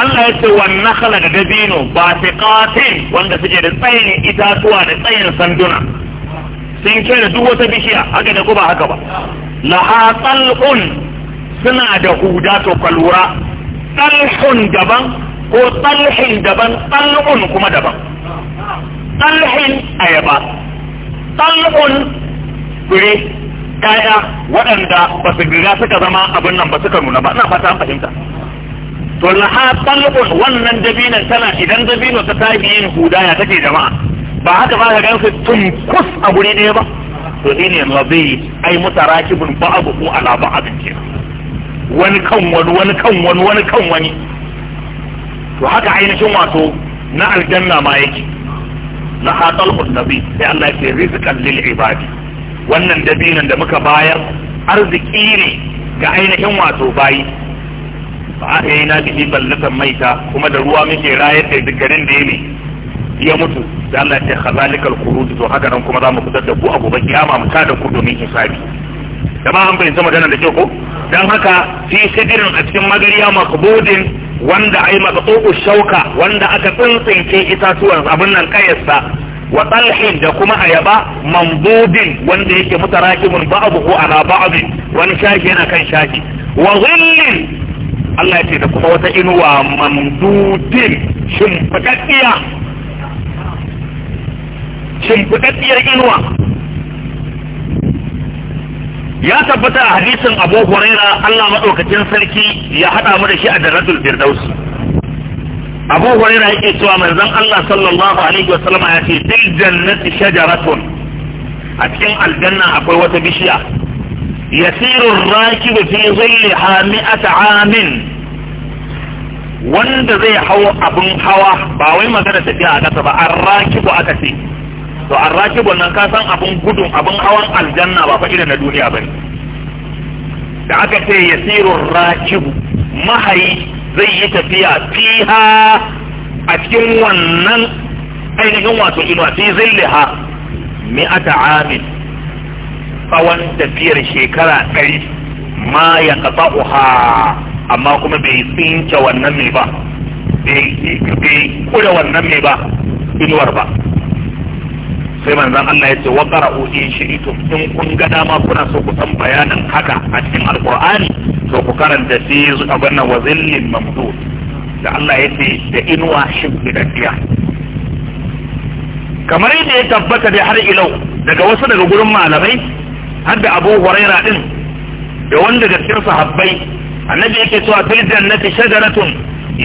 A: Allah ya ce wannan da dabino ba fiqatin wanda suke da tsayin itatuwa da tsayin sanduna. Sun da duk wata bishiya haka da kuma haka ba. La tsal'un suna da huda to kalura lura ɗalhun daban ko ɗalhin daban ɗal'un kuma daban ɗalhin ayaba ɗal'un fure kaya waɗanda ba su riga suka zama abin nan ba suka nuna ba na fata an fahimta to laha ɗal'un wannan dabinan tana idan dabino ta tafi yin huda ya take jama'a ba haka ba ka gansu tun kus a guri ɗaya ba to ne nazir ai mutarakibun abu ko ala ba abin kenan wani kan wani wani kan wani wani kan wani to haka ainihin wato na aljanna ma yake na hatal nabi sai Allah ya ce rizqan lil ibadi wannan dabinan da muka bayar arziki ne ga ainihin wato bayi ba aka yi na bihi ballatan maita kuma da ruwa muke rayar da garin da yake ya mutu da Allah ya ce khazalikal khuruj to haka nan kuma za mu fitar da ku a gobe kiyama mu ta da ku domin hisabi ba an fahimta magana da kyau ko dan haka fi sidirin a cikin magariya makbudin wanda ai maqtu'u shauka wanda aka tsintsinke itatuwan abin nan kayarsa wa talhin da kuma ayaba mambudin wanda yake mutarakimun ba'dahu ala ba'd wani shaki yana kan shaki wa zillin Allah ya ce da kuma wata inuwa mamdudin shimfidaddiya shimfidaddiyar inuwa ya tabbata a hadisin Abu Huraira Allah maɗaukacin sarki ya haɗa mu da shi a daradul Firdaus Abu Huraira yake cewa manzon Allah sallallahu alaihi wasallam ya ce fil jannati shajaratun a cikin aljanna akwai wata bishiya yasiru ar-rakib fi zilliha mi'at 'amin wanda zai hau abun hawa ba wai magana tafiya a kasa ba ar-rakib aka ce to an rakibun nan ka san abin gudun abin hawan aljanna ba fa irin na duniya bane da aka ce yasirur rakibu mahayi zai yi tafiya fiha a cikin wannan ainihin wato inuwa fi zilliha mi'ata amin tsawon tafiyar shekara ɗari ma ya uha amma kuma bai tsinke wannan mai ba bai kure wannan mai ba inuwar ba sai manzon Allah ya ce wa qara'u in shi'tum in kun ga dama kuna so ku san bayanin haka a cikin alqur'ani to ku karanta fi abin nan wa zillin mamdud da Allah ya ce da inuwa da shimfidaddiya kamar yadda ya tabbata da har ilau daga wasu daga gurin malamai har da Abu Huraira din da wanda daga cikin sahabbai annabi yake cewa fil jannati shajaratun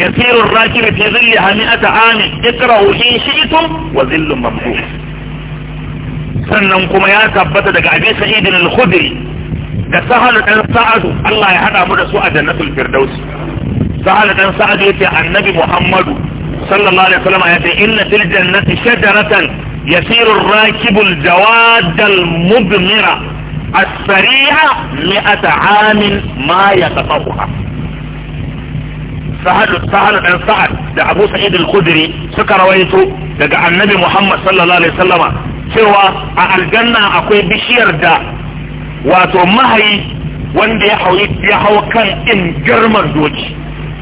A: yasiru ar-rakibu fi dhillaha mi'ata amin ikra'u in shi'tum wa dhillun mamdud sannan kuma ya tabbata daga abin sa'idin al-khudri da sahal dan sa'adu Allah ya hada mu da su a jannatul firdaus sahal dan sa'adu yace annabi Muhammadu sallallahu alaihi wasallam yace inna fil jannati shajaratan yasiru ar-rakibu al-jawad al-mubmira as-sari'a mi'ata 'amin ma yataqawha sahal sahal dan sa'ad da Abu Sa'id al-Khudri suka rawaito daga annabi Muhammad sallallahu alaihi wasallam cewa a aljanna akwai bishiyar da wato mahayi wanda ya hau ya hau kan in girman doki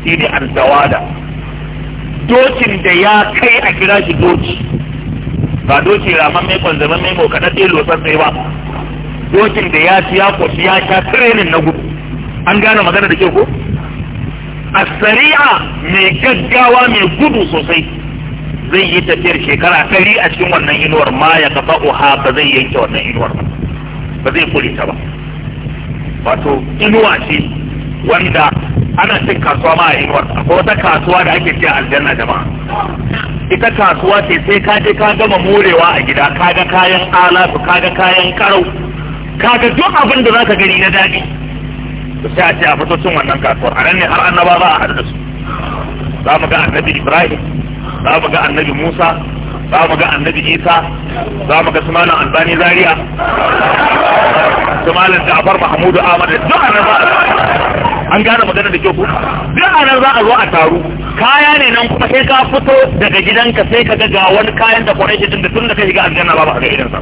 A: idi arzawada dokin da ya kai a kira shi doki ba doki raman mai kwanzaman mai ko kaɗa ɗaya lotsar sai ba dokin da ya ci ya kwashi ya sha tirenin na gudu an gane magana da ke ko a sari'a mai gaggawa mai gudu sosai zai yi tafiyar shekara kari a cikin wannan inuwar ma ya kafa uha ba zai yanke wannan inuwar ba zai kure ta ba wato inuwa ce wanda ana cin kasuwa ma a inuwar akwai wata kasuwa da ake ce aljanna jama'a ita kasuwa ce sai ka je ka gama morewa a gida ka ga kayan alatu ka ga kayan karau ka ga duk abin da zaka gani na daɗi to sai a ce a fito cin wannan kasuwar a nan ne har annaba za a haɗu da su za mu ga annabi ibrahim za mu ga annabi musa za mu ga annabi isa za mu ga sumalan albani zaria sumalan ja'far mahmudu ahmad da duk anan za an gane magana da kyau ku duk anan za a zo a taru kaya ne nan kuma sai ka fito daga gidanka sai ka ga wani kayan da kwarai din tun da ka shiga aljanna ba ba ga gidansa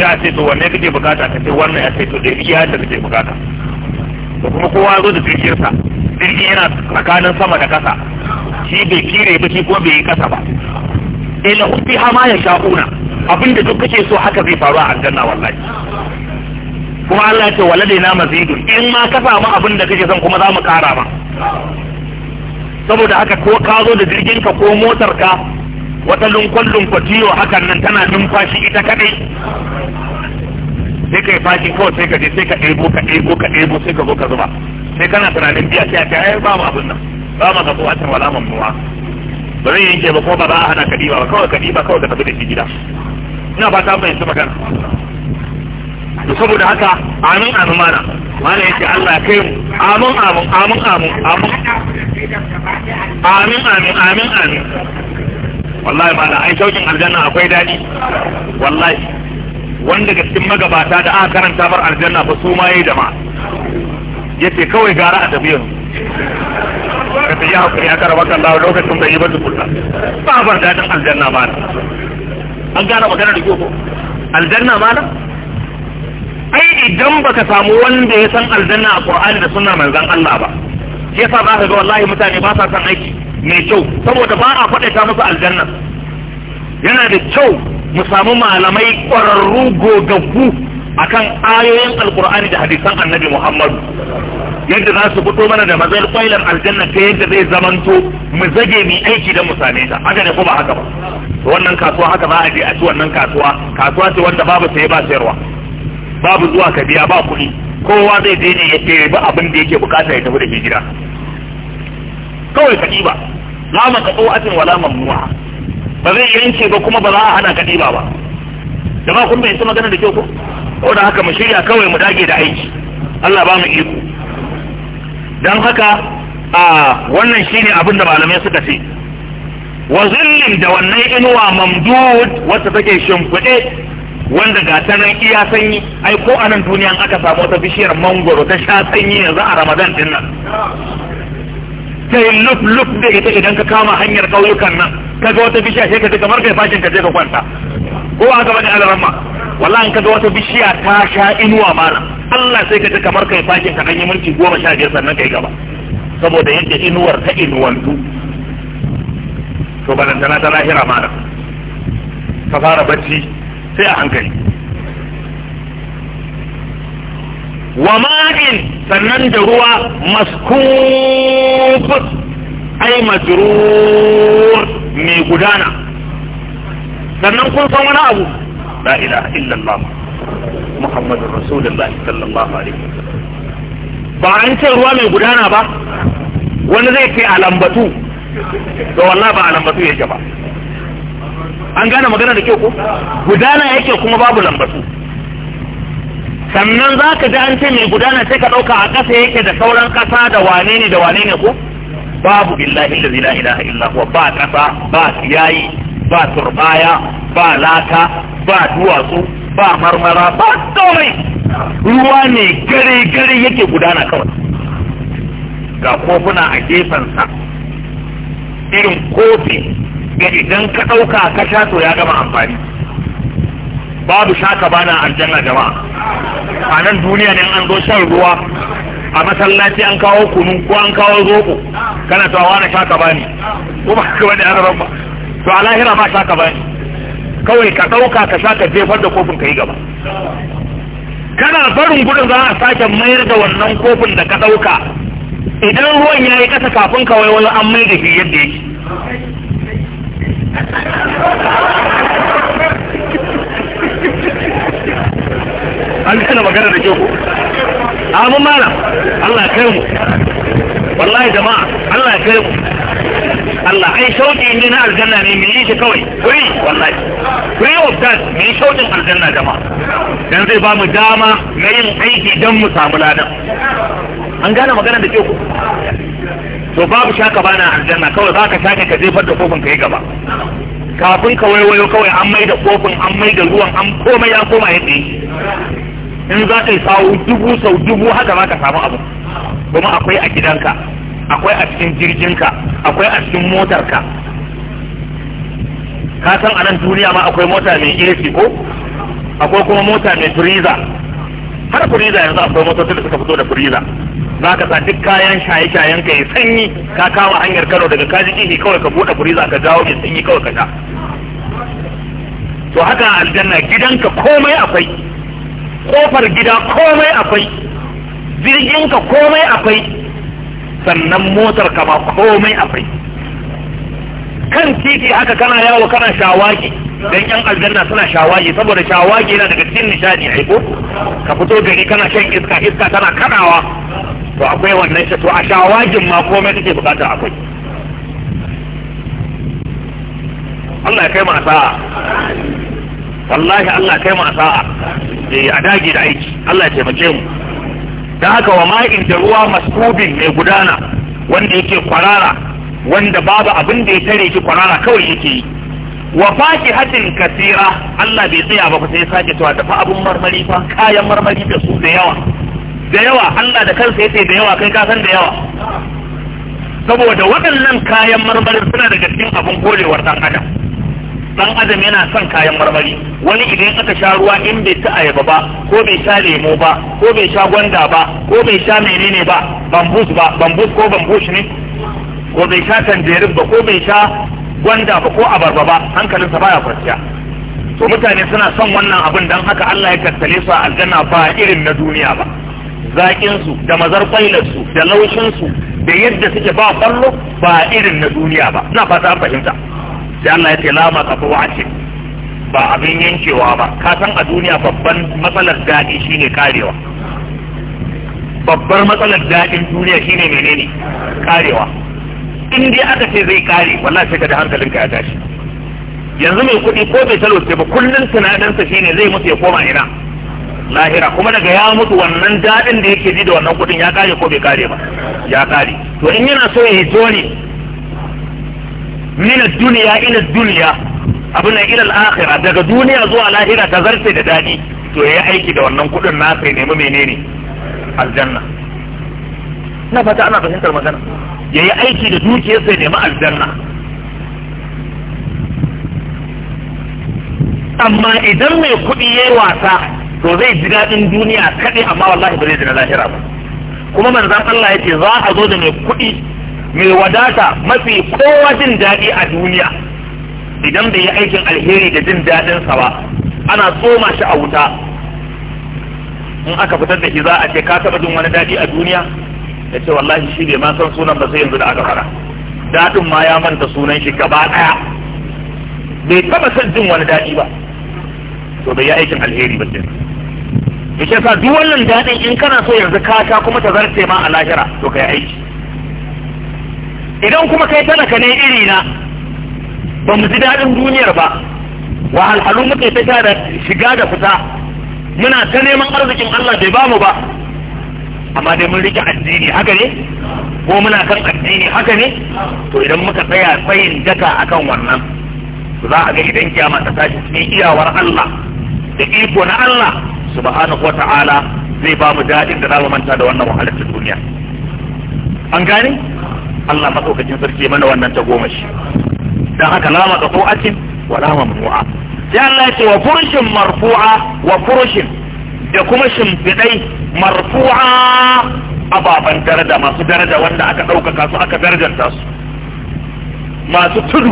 A: ya ce to wanne kake bukata ka ce wannan ya ce to da iya da kake bukata kuma kowa zo da jirginsa jirgin yana tsakanin sama da kasa shi bai kire ba shi ko bai yi kasa ba ila eh, hubbi hama ya sha'una abinda duk kake so haka zai faru a aljanna wallahi kuma Allah ya ce waladaina mazidu in ma ka samu abin da kake son kuma za mu kara ma saboda haka ko ka zo da jirgin ka ko motar ka wata lunkon lunkwatiyo hakan nan tana numfashi ita kadai sai yi fakin kawai sai ka je sai ka ɗebo ka ɗebo ka ɗebo sai ka zo ka zuba sai kana tunanin biya sai a ce ai ba mu abin nan ba mu ga buwatar wala mamnuwa ba zai yanke ba ko ba za a hana kadiba ba kawai kadiba kawai ka tafi da shi gida ina fata mai su magana to saboda haka amin amin mana mana yake Allah ya kai mu amin amin amin amin amin amin amin amin wallahi mana ai shaukin aljanna akwai dadi wallahi wanda ga cikin magabata da aka karanta bar aljanna fa su ma yayi ma yace kawai gara a tafi yanzu ka tafi hakuri aka raba kan Allah lokacin da yi ba tukunna ba bar dadin aljanna ma an gane magana da kyau aljanna ma ai idan baka samu wanda ya san aljanna a Qur'ani da sunna manzon Allah ba shi yasa za ka ga wallahi mutane ba sa san aiki mai kyau saboda ba a ta musu aljanna yana da kyau mu samu malamai ƙwararru
C: gogaggu
A: a kan ayoyin alkur'ani da hadisan annabi muhammadu yadda za su fito mana da mazal ƙwailar aljanna ta yadda zai zamanto mu zage mu aiki da mu same ta haka ne ko ba haka ba wannan kasuwa haka za a je a ci wannan kasuwa kasuwa ce wanda babu saye ba sayarwa babu zuwa ka biya ba kuɗi kowa zai je ne ya ce ba abin da yake bukata ya tafi da shi gida kawai kaɗi ba la maqtu'atin wala mamnu'a ba zai yanke ba kuma ba za a hana kadiba ba jama'a kun bai isa magana da kyau ko ko da haka mu shirya kawai mu dage da aiki Allah ba mu iko dan haka a wannan shine abin da malamai suka ce wa zillin da wannan inuwa mamdud wata take shimfiɗe wanda ga ta nan iya sanyi ai ko a nan duniyan aka samu wata bishiyar mangoro ta sha sanyi yanzu a ramadan din nan sai luf luf da ita idan ka kama hanyar ƙauyukan nan kaga wata bishiya sai ka ji kamar kai fashin ka je ka kwanta ko a gaba da alarama wallahi kaga wata bishiya ta sha inuwa mana Allah sai ka ji kamar kai fashin ka yi minti goma sha biyar sannan kai gaba saboda yadda inuwar ta inuwantu to balantana ta lahira mana ka fara bacci sai a hankali wa ma'in sannan da ruwa maskun manfus ai majrur mai gudana sannan kun san wani abu la ilaha illallah muhammadur rasulullahi sallallahu alaihi ba an ce ruwa mai gudana ba wani zai kai alambatu to wallahi ba alambatu yake ba an gane magana da kyau ko gudana yake kuma babu lambatu sannan za ka ji an ce mai gudana sai ka ɗauka a ƙasa yake da sauran ƙasa da wane ne da wane ne ko babu billahi da la ilaha illa huwa ba ƙasa ba siyayi ba turbaya ba lata ba duwatsu ba marmara ba komai ruwa ne gare gare yake gudana kawai ga kofuna a gefensa irin kofi ga idan ka ɗauka ka sha to ya gama amfani babu shaka bana aljanna jama'a a nan duniya ne an zo shan ruwa a masallaci an kawo kunu ko an kawo zoko kana to wani sha ka bani ko ba ka bani araban ba to a lahira ma sha ka bani kawai ka ɗauka ka sha ka jefar da kofin ka yi gaba kana barin gudun za a sake mayar da wannan kofin da ka ɗauka idan ruwan ya yi ƙasa kafin ka wani an
C: mai da shi yadda yake an gane magana da ke ku
A: amin malam. Allah ya kai mu wallahi jama'a Allah ya kai mu Allah ai shauki ne na aljanna ne mun yi shi kawai kuri wallahi kuri of that mu yi shaukin aljanna jama'a dan zai ba mu dama na yin aiki dan mu samu ladan an gane magana da ke ku to babu shaka bana aljanna kawai za ka shaka ka jefar da kofin kai gaba kafin ka wayo-wayo kawai an mai da kofin an mai da ruwan an komai ya koma yadda
B: yake
A: in za ka yi sawu dubu sau dubu haka za ka samu abu kuma akwai a gidanka akwai a cikin jirginka akwai a cikin motarka ka san a nan duniya ma akwai mota mai AC ko akwai kuma mota mai freezer har freezer yanzu akwai motocin da suka fito da freezer za ka sa duk kayan shaye-shayen ka ya sanyi ka kama hanyar kano daga kaji kihi kawai ka buɗe freezer ka jawo mai sanyi kawai ka sha to haka aljanna gidanka komai akwai kofar gida komai akwai jirginka komai akwai sannan motar ka ma komai akwai kan titi haka kana yawo kana shawagi don yan aljanna suna shawagi saboda shawagi yana daga cikin nishadi a ko ka fito gari kana shan iska iska tana kadawa to akwai wannan shi to a shawagin ma komai kake bukata akwai Allah ya kai mu sa'a. wallahi Allah kai mu asa'a eh, a dage da aiki Allah ya taimake mu dan haka wa ma'in da ruwa masubin mai gudana wanda yake kwarara wanda babu abin da ya tare shi kwarara kawai yake yi wa fakihatin kasira Allah bai tsaya ba sai sake tawa dafa abun marmari fa kayan marmari da su da yawa da yawa Allah da kansa yace da yawa kai ka san da yawa saboda waɗannan kayan marmarin suna daga cikin abun korewar dan adam dan adam yana son kayan marmari wani idan aka sha ruwa in bai ta ayaba ba ko bai sha lemo ba ko bai sha gwanda ba ko bai sha menene ba bambus ba bambus ko bambus ne ko bai sha tanjerin ba ko bai sha gwanda ba ko abarba ba hankalinsa baya kwanciya to mutane suna son wannan abin dan haka Allah ya tattale su a aljanna ba irin na duniya ba zaƙin su da mazar su da laushin su da yadda suke ba ballo ba irin na duniya ba ina fata fahimta sai Allah ya ce la ma kafa wace ba abin yankewa ba ka san a duniya babban matsalar daɗi shine karewa babbar matsalar daɗin duniya shine menene karewa in dai aka ce zai kare wallahi sai ka da hankalinka ya tashi yanzu mai kuɗi ko bai talauce ba kullum tunaninsa shine zai mutu ya koma ina lahira kuma daga ya mutu wannan daɗin da yake ji da wannan kuɗin ya kare ko bai kare ba ya kare to in yana so ya yi jori min ad-dunya ila duniya dunya abin nan ila al daga duniya zuwa lahira ta zarce da dadi to yayi aiki da wannan kudin na sai nemi menene aljanna na fata ana fahimtar magana Ya yi aiki da dukiyar sai nemi aljanna amma idan mai kuɗi yi wasa to zai ji daɗin duniya kaɗai amma wallahi ba zai ji na lahira ba kuma manzan Allah ya ce za a zo da mai kuɗi mai wadata mafi kowa jin daɗi a duniya idan bai yi aikin alheri da jin daɗinsa ba ana tsoma shi a wuta in aka fitar da shi za a ce ka taɓa jin wani daɗi a duniya ya ce wallahi shi bai ma san sunan ba sai yanzu da aka fara daɗin ma ya manta sunan shi gaba ɗaya bai taɓa san jin wani daɗi ba to bai yi aikin alheri ba ce yake sa duk wannan daɗin in kana so yanzu ka sha kuma ta zarce ma a lahira to ka yi aiki idan kuma kai talaka ne iri na ba mu ji daɗin duniyar ba wahalhalu muke ta da shiga da fita muna ta neman arzikin Allah bai bamu ba amma dai mun rike addini haka ne ko muna kan addini haka ne to idan muka tsaya tsayin daka akan wannan za a ga idan kiyama ta tashi cikin iyawar Allah da iko na Allah subhanahu wata'ala zai ba mu daɗin da za mu manta da wannan wahalar duniya an gane Allah madaukakin sarki mana wannan ta goma shi dan haka lama ga fu'atin wa lama mamnu'a sai Allah ya ce wa furushin marfu'a wa furushin da kuma shimfidai marfu'a ababan daraja masu daraja wanda aka ɗaukaka su aka darajanta su masu tudu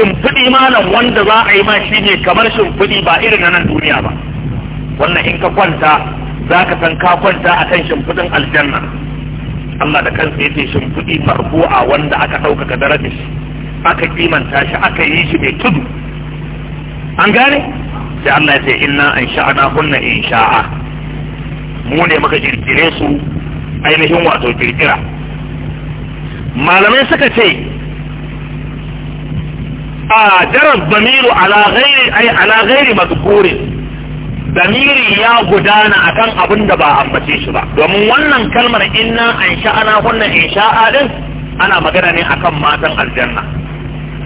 A: shimfiɗi malam wanda za a yi ma shi ne kamar shimfiɗi ba irin na nan duniya ba wannan in ka kwanta za ka san ka kwanta akan shimfidin shimfiɗin aljanna Allah da kansa yace shimfiɗi marfu'a wanda aka ɗaukaka darajar shi aka kimanta shi aka yi shi mai tudu an gane sai Allah ya ce inna an sha'ana kunna insha'a mu ne muka kirkire su ainihin wato kirkira malamai suka ce a jarar bamiru ala ghairi ay ala ghairi madhkurin damiri ya gudana akan abin da ba ambace shi ba domin wannan kalmar inna an sha'ana kunna in sha'a din ana magana ne akan matan aljanna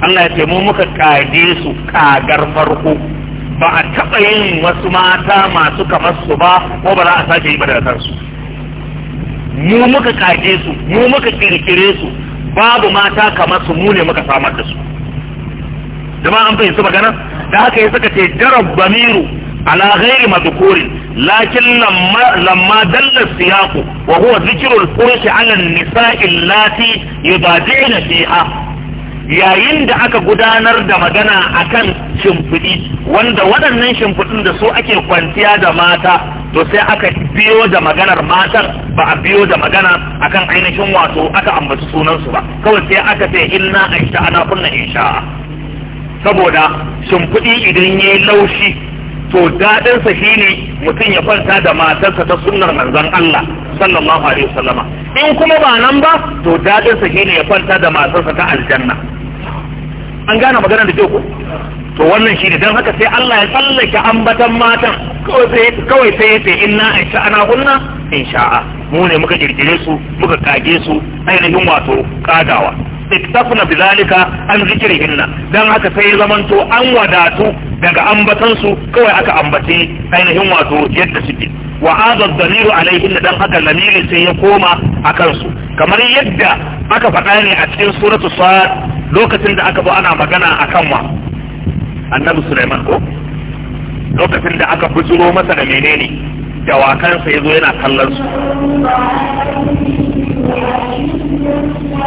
A: Allah ya ce mu muka kaje su kagar farko ba a taɓa yin wasu mata masu kamar su ba ko ba za a sake yi ba da kansu mu muka kaje su mu muka kirkire su babu mata kamar su mu ne muka samar da su jama'a an fahimci magana da haka ya suka ce jarab bamiru ala ghairi madhkurin lakin lamma lamma dalla siyaqu wa huwa dhikru al-furshi ala an-nisa'i allati yubadi'na fiha yayin da aka gudanar da magana akan shimfiɗi wanda waɗannan shimfiɗin da su ake kwanciya da mata to sai aka biyo da maganar mata ba a biyo da magana akan ainihin wato aka ambaci sunansu ba kawai sai aka ce inna aisha ana kunna insha saboda shimfiɗi idan yayi laushi to daɗinsa shine mutum ya kwanta da matarsa ta sunnar manzon Allah sallallahu alaihi wasallama in kuma ba nan ba to daɗinsa shine ya kwanta da matarsa ta aljanna an gane magana da ke ko to wannan shine dan haka sai Allah ya tsallake ambatan matan kawai sai ya ce inna in sha ana kunna in sha'a mu ne muka kirkire su muka kage su ainihin wato kagawa ittafna bizalika an zikirihinna dan haka sai zamanto an wadatu daga ambatansu kawai aka ambace ainihin wato yadda suke wa azar dalilu alaihin dan haka lamiri sai ya koma a kansu kamar yadda aka faɗa ne a cikin suratu sad lokacin da aka bu ana magana a kan wa annabi Sulaiman ko lokacin da aka bujuro masa da menene dawakansa ya zo yana kallon su Mm-hmm.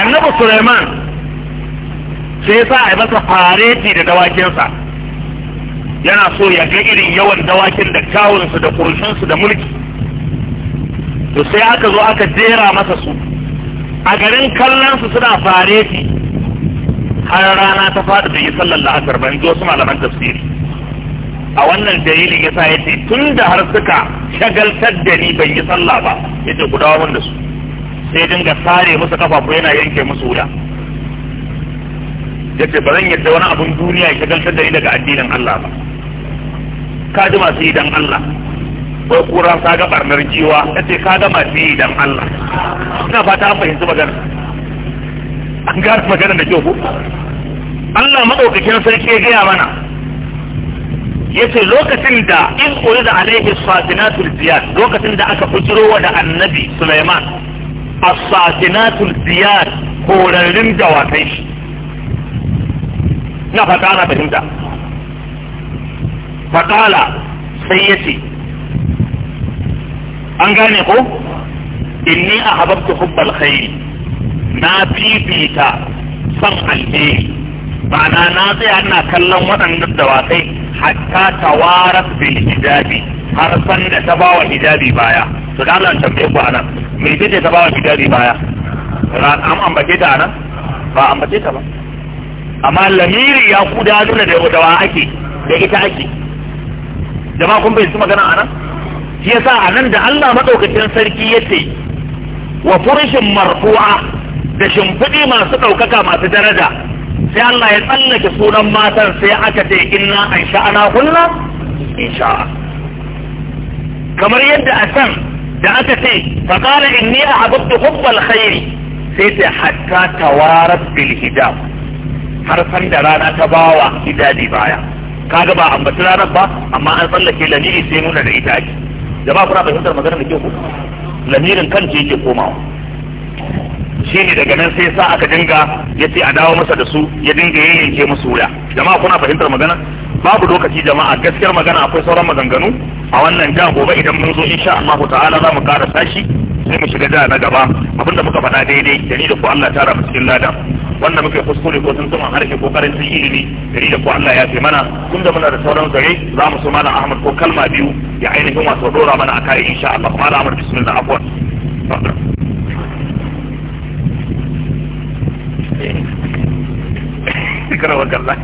A: النبي سليمان sai sa a masa fareti da dawakinsa yana so ya ga irin yawan dawakin da kawunsu da kurshinsu da mulki to sai aka zo aka jera masa su a garin kallonsu suna fareti har rana ta faɗi da yi sallallahu asar ban jo su malaman tafsiri a wannan dalilin sa ya ce tun da har suka shagaltar da ni ban yi sallah ba ya ce ku dawo da su sai dinga sare musu kafafu yana yanke musu wuya ce ba zan yadda wani abun duniya ya shagaltar da ni daga addinin Allah ba ka ji masu yi dan Allah wai kura ta ga barnar jiwa ce ka ga masu yi dan Allah ina fata an fahimci magana an gane magana da kyau ko Allah maɗaukakin sarki ya gaya mana ce lokacin da in koyi da alaihi satinatul ziyad lokacin da aka fujiro wa da annabi Sulaiman a satinatul ziyad horarrin dawakai shi na fata ana fahimta faƙala sai ya ce an gane ko inni a hababtu hubbal khairi na fifita son alheri ma'ana na tsaya ina kallon waɗannan dawakai hatta tawarat bil hijabi har san da ta bawa hijabi baya su da Allah tambaye ku anan me ce ta bawa hijabi baya ra an ambace ta anan ba ambace ta ba amma lamiri ya kuda nuna da dawa ake da ita ake jama kun bai su magana anan shi yasa anan da Allah madaukakin sarki yace wa furushin marfu'a da shimfiɗi masu ɗaukaka masu daraja sai Allah ya tsallake sunan matan sai aka ce inna an sha'ana kunna insha kamar yadda a da aka ce faqala inni ahabtu hubbal khairi sai ta hatta tawarat bil hijab har san da rana ta bawa idadi baya kaga ba ambaci ranar ba amma an tsallake lamiri sai nuna da ita ake jama'a kuna fahimtar magana da ke ku lamirin kan ce yake komawa shi ne daga nan sai sa aka dinga ya ce a dawo masa da su ya dinga yayyanke musu wuya jama'a kuna fahimtar magana babu lokaci jama'a gaskiyar magana akwai sauran maganganu a wannan jan gobe idan mun zo insha Allah ta'ala za mu ƙara shi sai mu shiga da na gaba abinda muka faɗa daidai da ni Allah tara mu cikin lada wanda muke kuskure ko tun tun harshe ko karancin ilimi da ni Allah ya mana tun da muna da sauran zare za mu so malam Ahmad ko kalma biyu ya ainihin wato dora mana akai insha
C: Allah malam Ahmad bismillah afwan wa kalla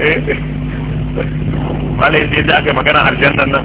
C: eh. aka magana aljannan nan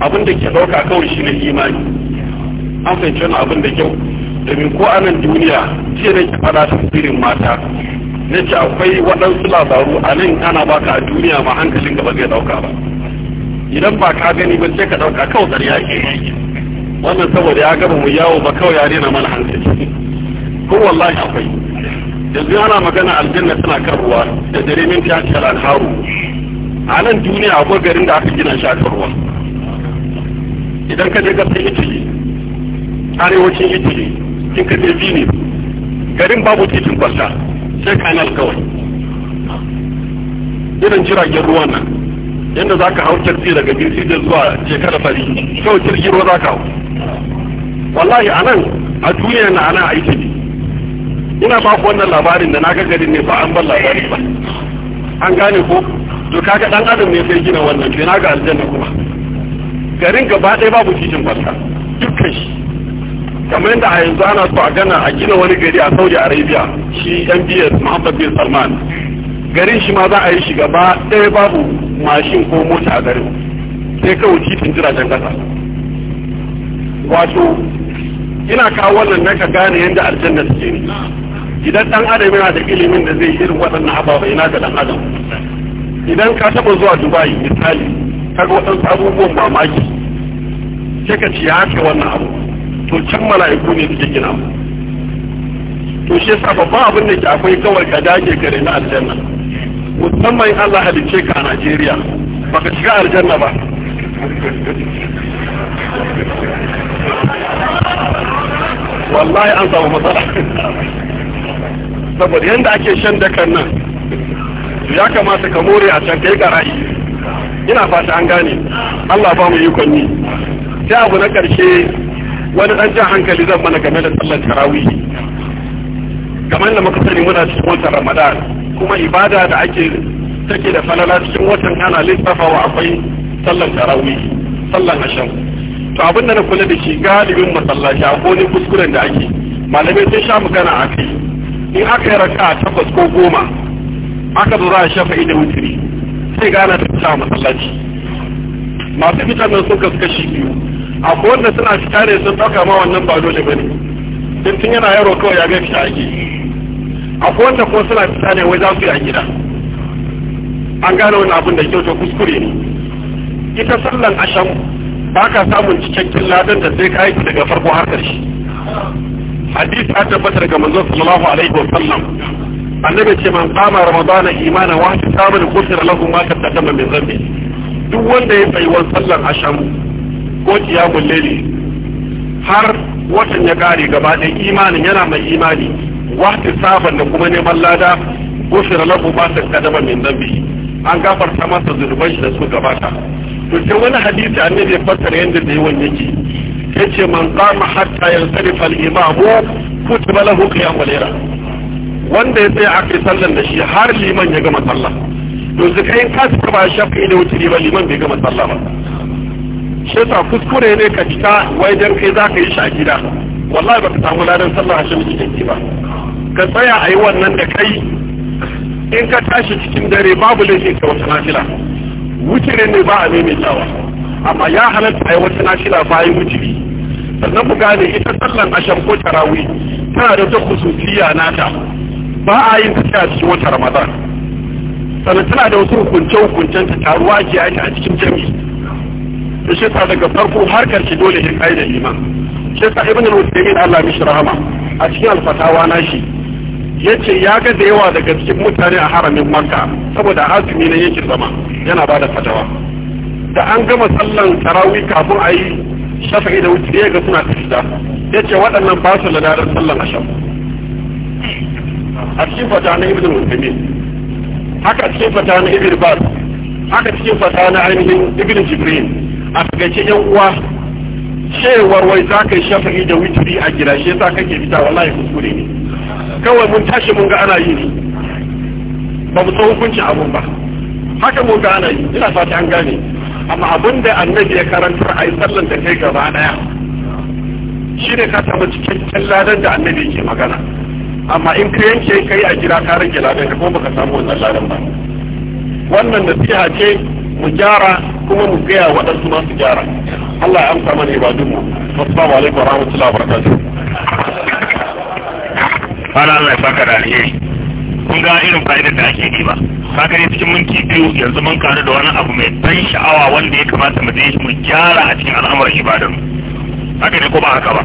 C: abin da ke ɗauka kawai shi ne imani an fahimci wani abin da kyau domin ko a nan duniya ce ne ke faɗa tasirin mata na ce akwai waɗansu labaru a nan ana baka a duniya ma hankalin gaba zai ɗauka ba idan ba ka gani ba sai ka ɗauka kawai ya ke wannan saboda ya gaba mu yawo ba kawai ya rena mana hankali ko wallahi akwai yanzu ana magana aljanna tana kan da dare min ta ce alharu a nan duniya akwai garin da aka gina shi a kan idan ka je gasar italy arewacin italy in ka je vini garin babu titin kwasa sai kanal kawai irin jiragen ruwa nan yadda za ka hau kirki daga birni da zuwa shekara fari kawai jirgin ruwa za ka hau wallahi a nan a duniya na ana aiki ne ina ba ku wannan labarin da na ga garin ne ba an ban labari ba an gane ko to kaga dan adam ne sai gina wannan ke na ga aljanna kuma garin gaba ɗaya babu titin kwalta dukkan shi kamar yadda a yanzu ana so a gana a gina wani gari a saudi arabia shi mbs muhammad bin salman garin shi ma za a yi shi gaba ɗaya babu mashin ko mota a garin sai kawai titin jiragen ƙasa wato ina kawo wannan na ka gane yadda aljanna take ne idan dan adam yana da ilimin da zai yi irin waɗannan ababai na ga dan adam idan ka taɓa zuwa dubai misali kaga waɗansu abubuwan mamaki sai ka ce ya haka wannan abu to can mala'iku ne suke gina mu to shi yasa babban abin da ke akwai kawai ka dage ka na aljanna musamman in Allah halicce ka a Najeriya baka shiga aljanna ba wallahi an samu matsala saboda yadda ake shan dakan nan ya kamata ka more a can kai ra'ayi ina fata an gane Allah ba mu ikon yi sai abu na karshe wani dan jan hankali zan mana game da sallar tarawih kamar da muka sani muna cikin watan Ramadan kuma ibada da ake take da falala cikin watan ana lissafawa akwai sallar tarawih sallar asham to abin da na kula da shi galibin masallaci akwai ne kuskuren da ake malamai sai sha magana a kai in aka yi raka takwas ko goma aka zo za a shafa idan wutiri sai gana da fita masallaci masu fitar nan sun kasu kashi biyu ko wanda suna fita ne sun ɗauka ma wannan ba dole ba ne don tun yana yaro kawai ya ga fita ake ko wanda ko suna fita ne wai za su yi a gida an gane wani abin da to kuskure ne ita sallan asham ba ka samun cikakken ladan da sai ka daga farko har ƙarshe hadisi ta tabbatar ga manzon sallallahu alaihi wa sallam annabi ce man qama ramadana imanan wa hisaba da kufira lahu ma kaddama min zambi duk wanda ya tsayi wan sallar asham ko qiyamul layli har watan ya kare gaba da imanin yana mai imani wa hisaban da kuma neman lada kufira lahu ma kaddama min zambi an gafarta masa zunuban shi da su gabata to sai wani hadisi annabi ya fassara yadda da yawan yake yace man qama hatta yansarifa al-imamu kutiba lahu qiyamul layla wanda ya tsaya aka yi sallan da shi har liman ya gama sallah yanzu kai ka ba shafi da wuce ba liman bai gama sallah ba shi yasa kuskure ne ka fita wai dan kai zaka yi shi a gida wallahi ka samu ladan sallah a shi kike ba ka tsaya a yi wannan da kai in ka tashi cikin dare babu laifin ka wata nafila wucire ne ba a maimaitawa amma ya halatta a yi wata nafila bayan wuciri sannan ku gane ita sallan ashan ko tarawi tana da ta khususiyya nata ba a yin tafiya cikin wata ramadan sannan tana da wasu hukunce hukuncen ta taruwa ke aiki a cikin jami'i da shi daga farko har karshe dole ya kai da iman shi sa ibn al-usaymin Allah mishi rahama a cikin alfatawa na shi yace ya ga da yawa daga cikin mutane a haramin makka saboda azumi na yake zama yana ba da fatawa da an gama sallan tarawih kafin a yi shafa'i da wuce ya ga suna tafiya yace waɗannan ba su da sallan asham a cikin fata na ibn al-Uthaymeen haka cikin fata na ibn Baz haka cikin fata na ainihin ibn jibrin a gace yan uwa cewar wai za ka yi shafa'i da witiri a gida shi yasa kake fita wallahi kuskure ne kawai mun tashi mun ga ana yi ne ba mu san hukunci abun ba haka mun ga ana yi ina fata an gane amma abin da annabi ya karanta a yi sallan da kai gaba daya shi ne ka samu cikakken ladan da annabi ke magana amma in ka yanke kai a gida ka rage ladan ka ko baka samu wannan ladan ba wannan nasiha ce mu gyara kuma mu gaya waɗansu ma su gyara Allah ya amsa mana mu assalamu alaikum wa rahmatullahi wa barakatuh fara Allah ya saka da ni kun ga irin fa'ida da ake
A: ba kaga ne cikin minti biyu yanzu mun karu da wani abu mai ban sha'awa wanda ya kamata mu je mu gyara a cikin al'amuran ibadun haka ne ko ba haka ba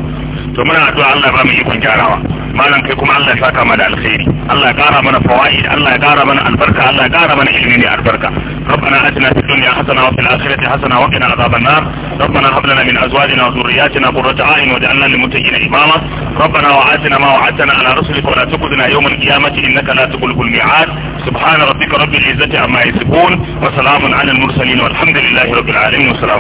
A: to muna addu'a Allah ba mu ikon gyarawa malam kai kuma Allah ya saka mana alkhairi Allah ya kara mana fawaid Allah ya kara mana albarka Allah ya kara mana ilimi ne albarka ربنا اتنا في الدنيا حسنه وفي الاخره حسنه وقنا عذاب النار ربنا هب لنا من ازواجنا وذرياتنا قرة اعين واجعلنا للمتقين اماما ربنا وآتنا ما وعدتنا على رسلك ولا تخذنا يوم القيامه انك لا تخلف الميعاد سبحان ربك رب العزه عما يصفون وسلام على المرسلين والحمد لله رب العالمين والسلام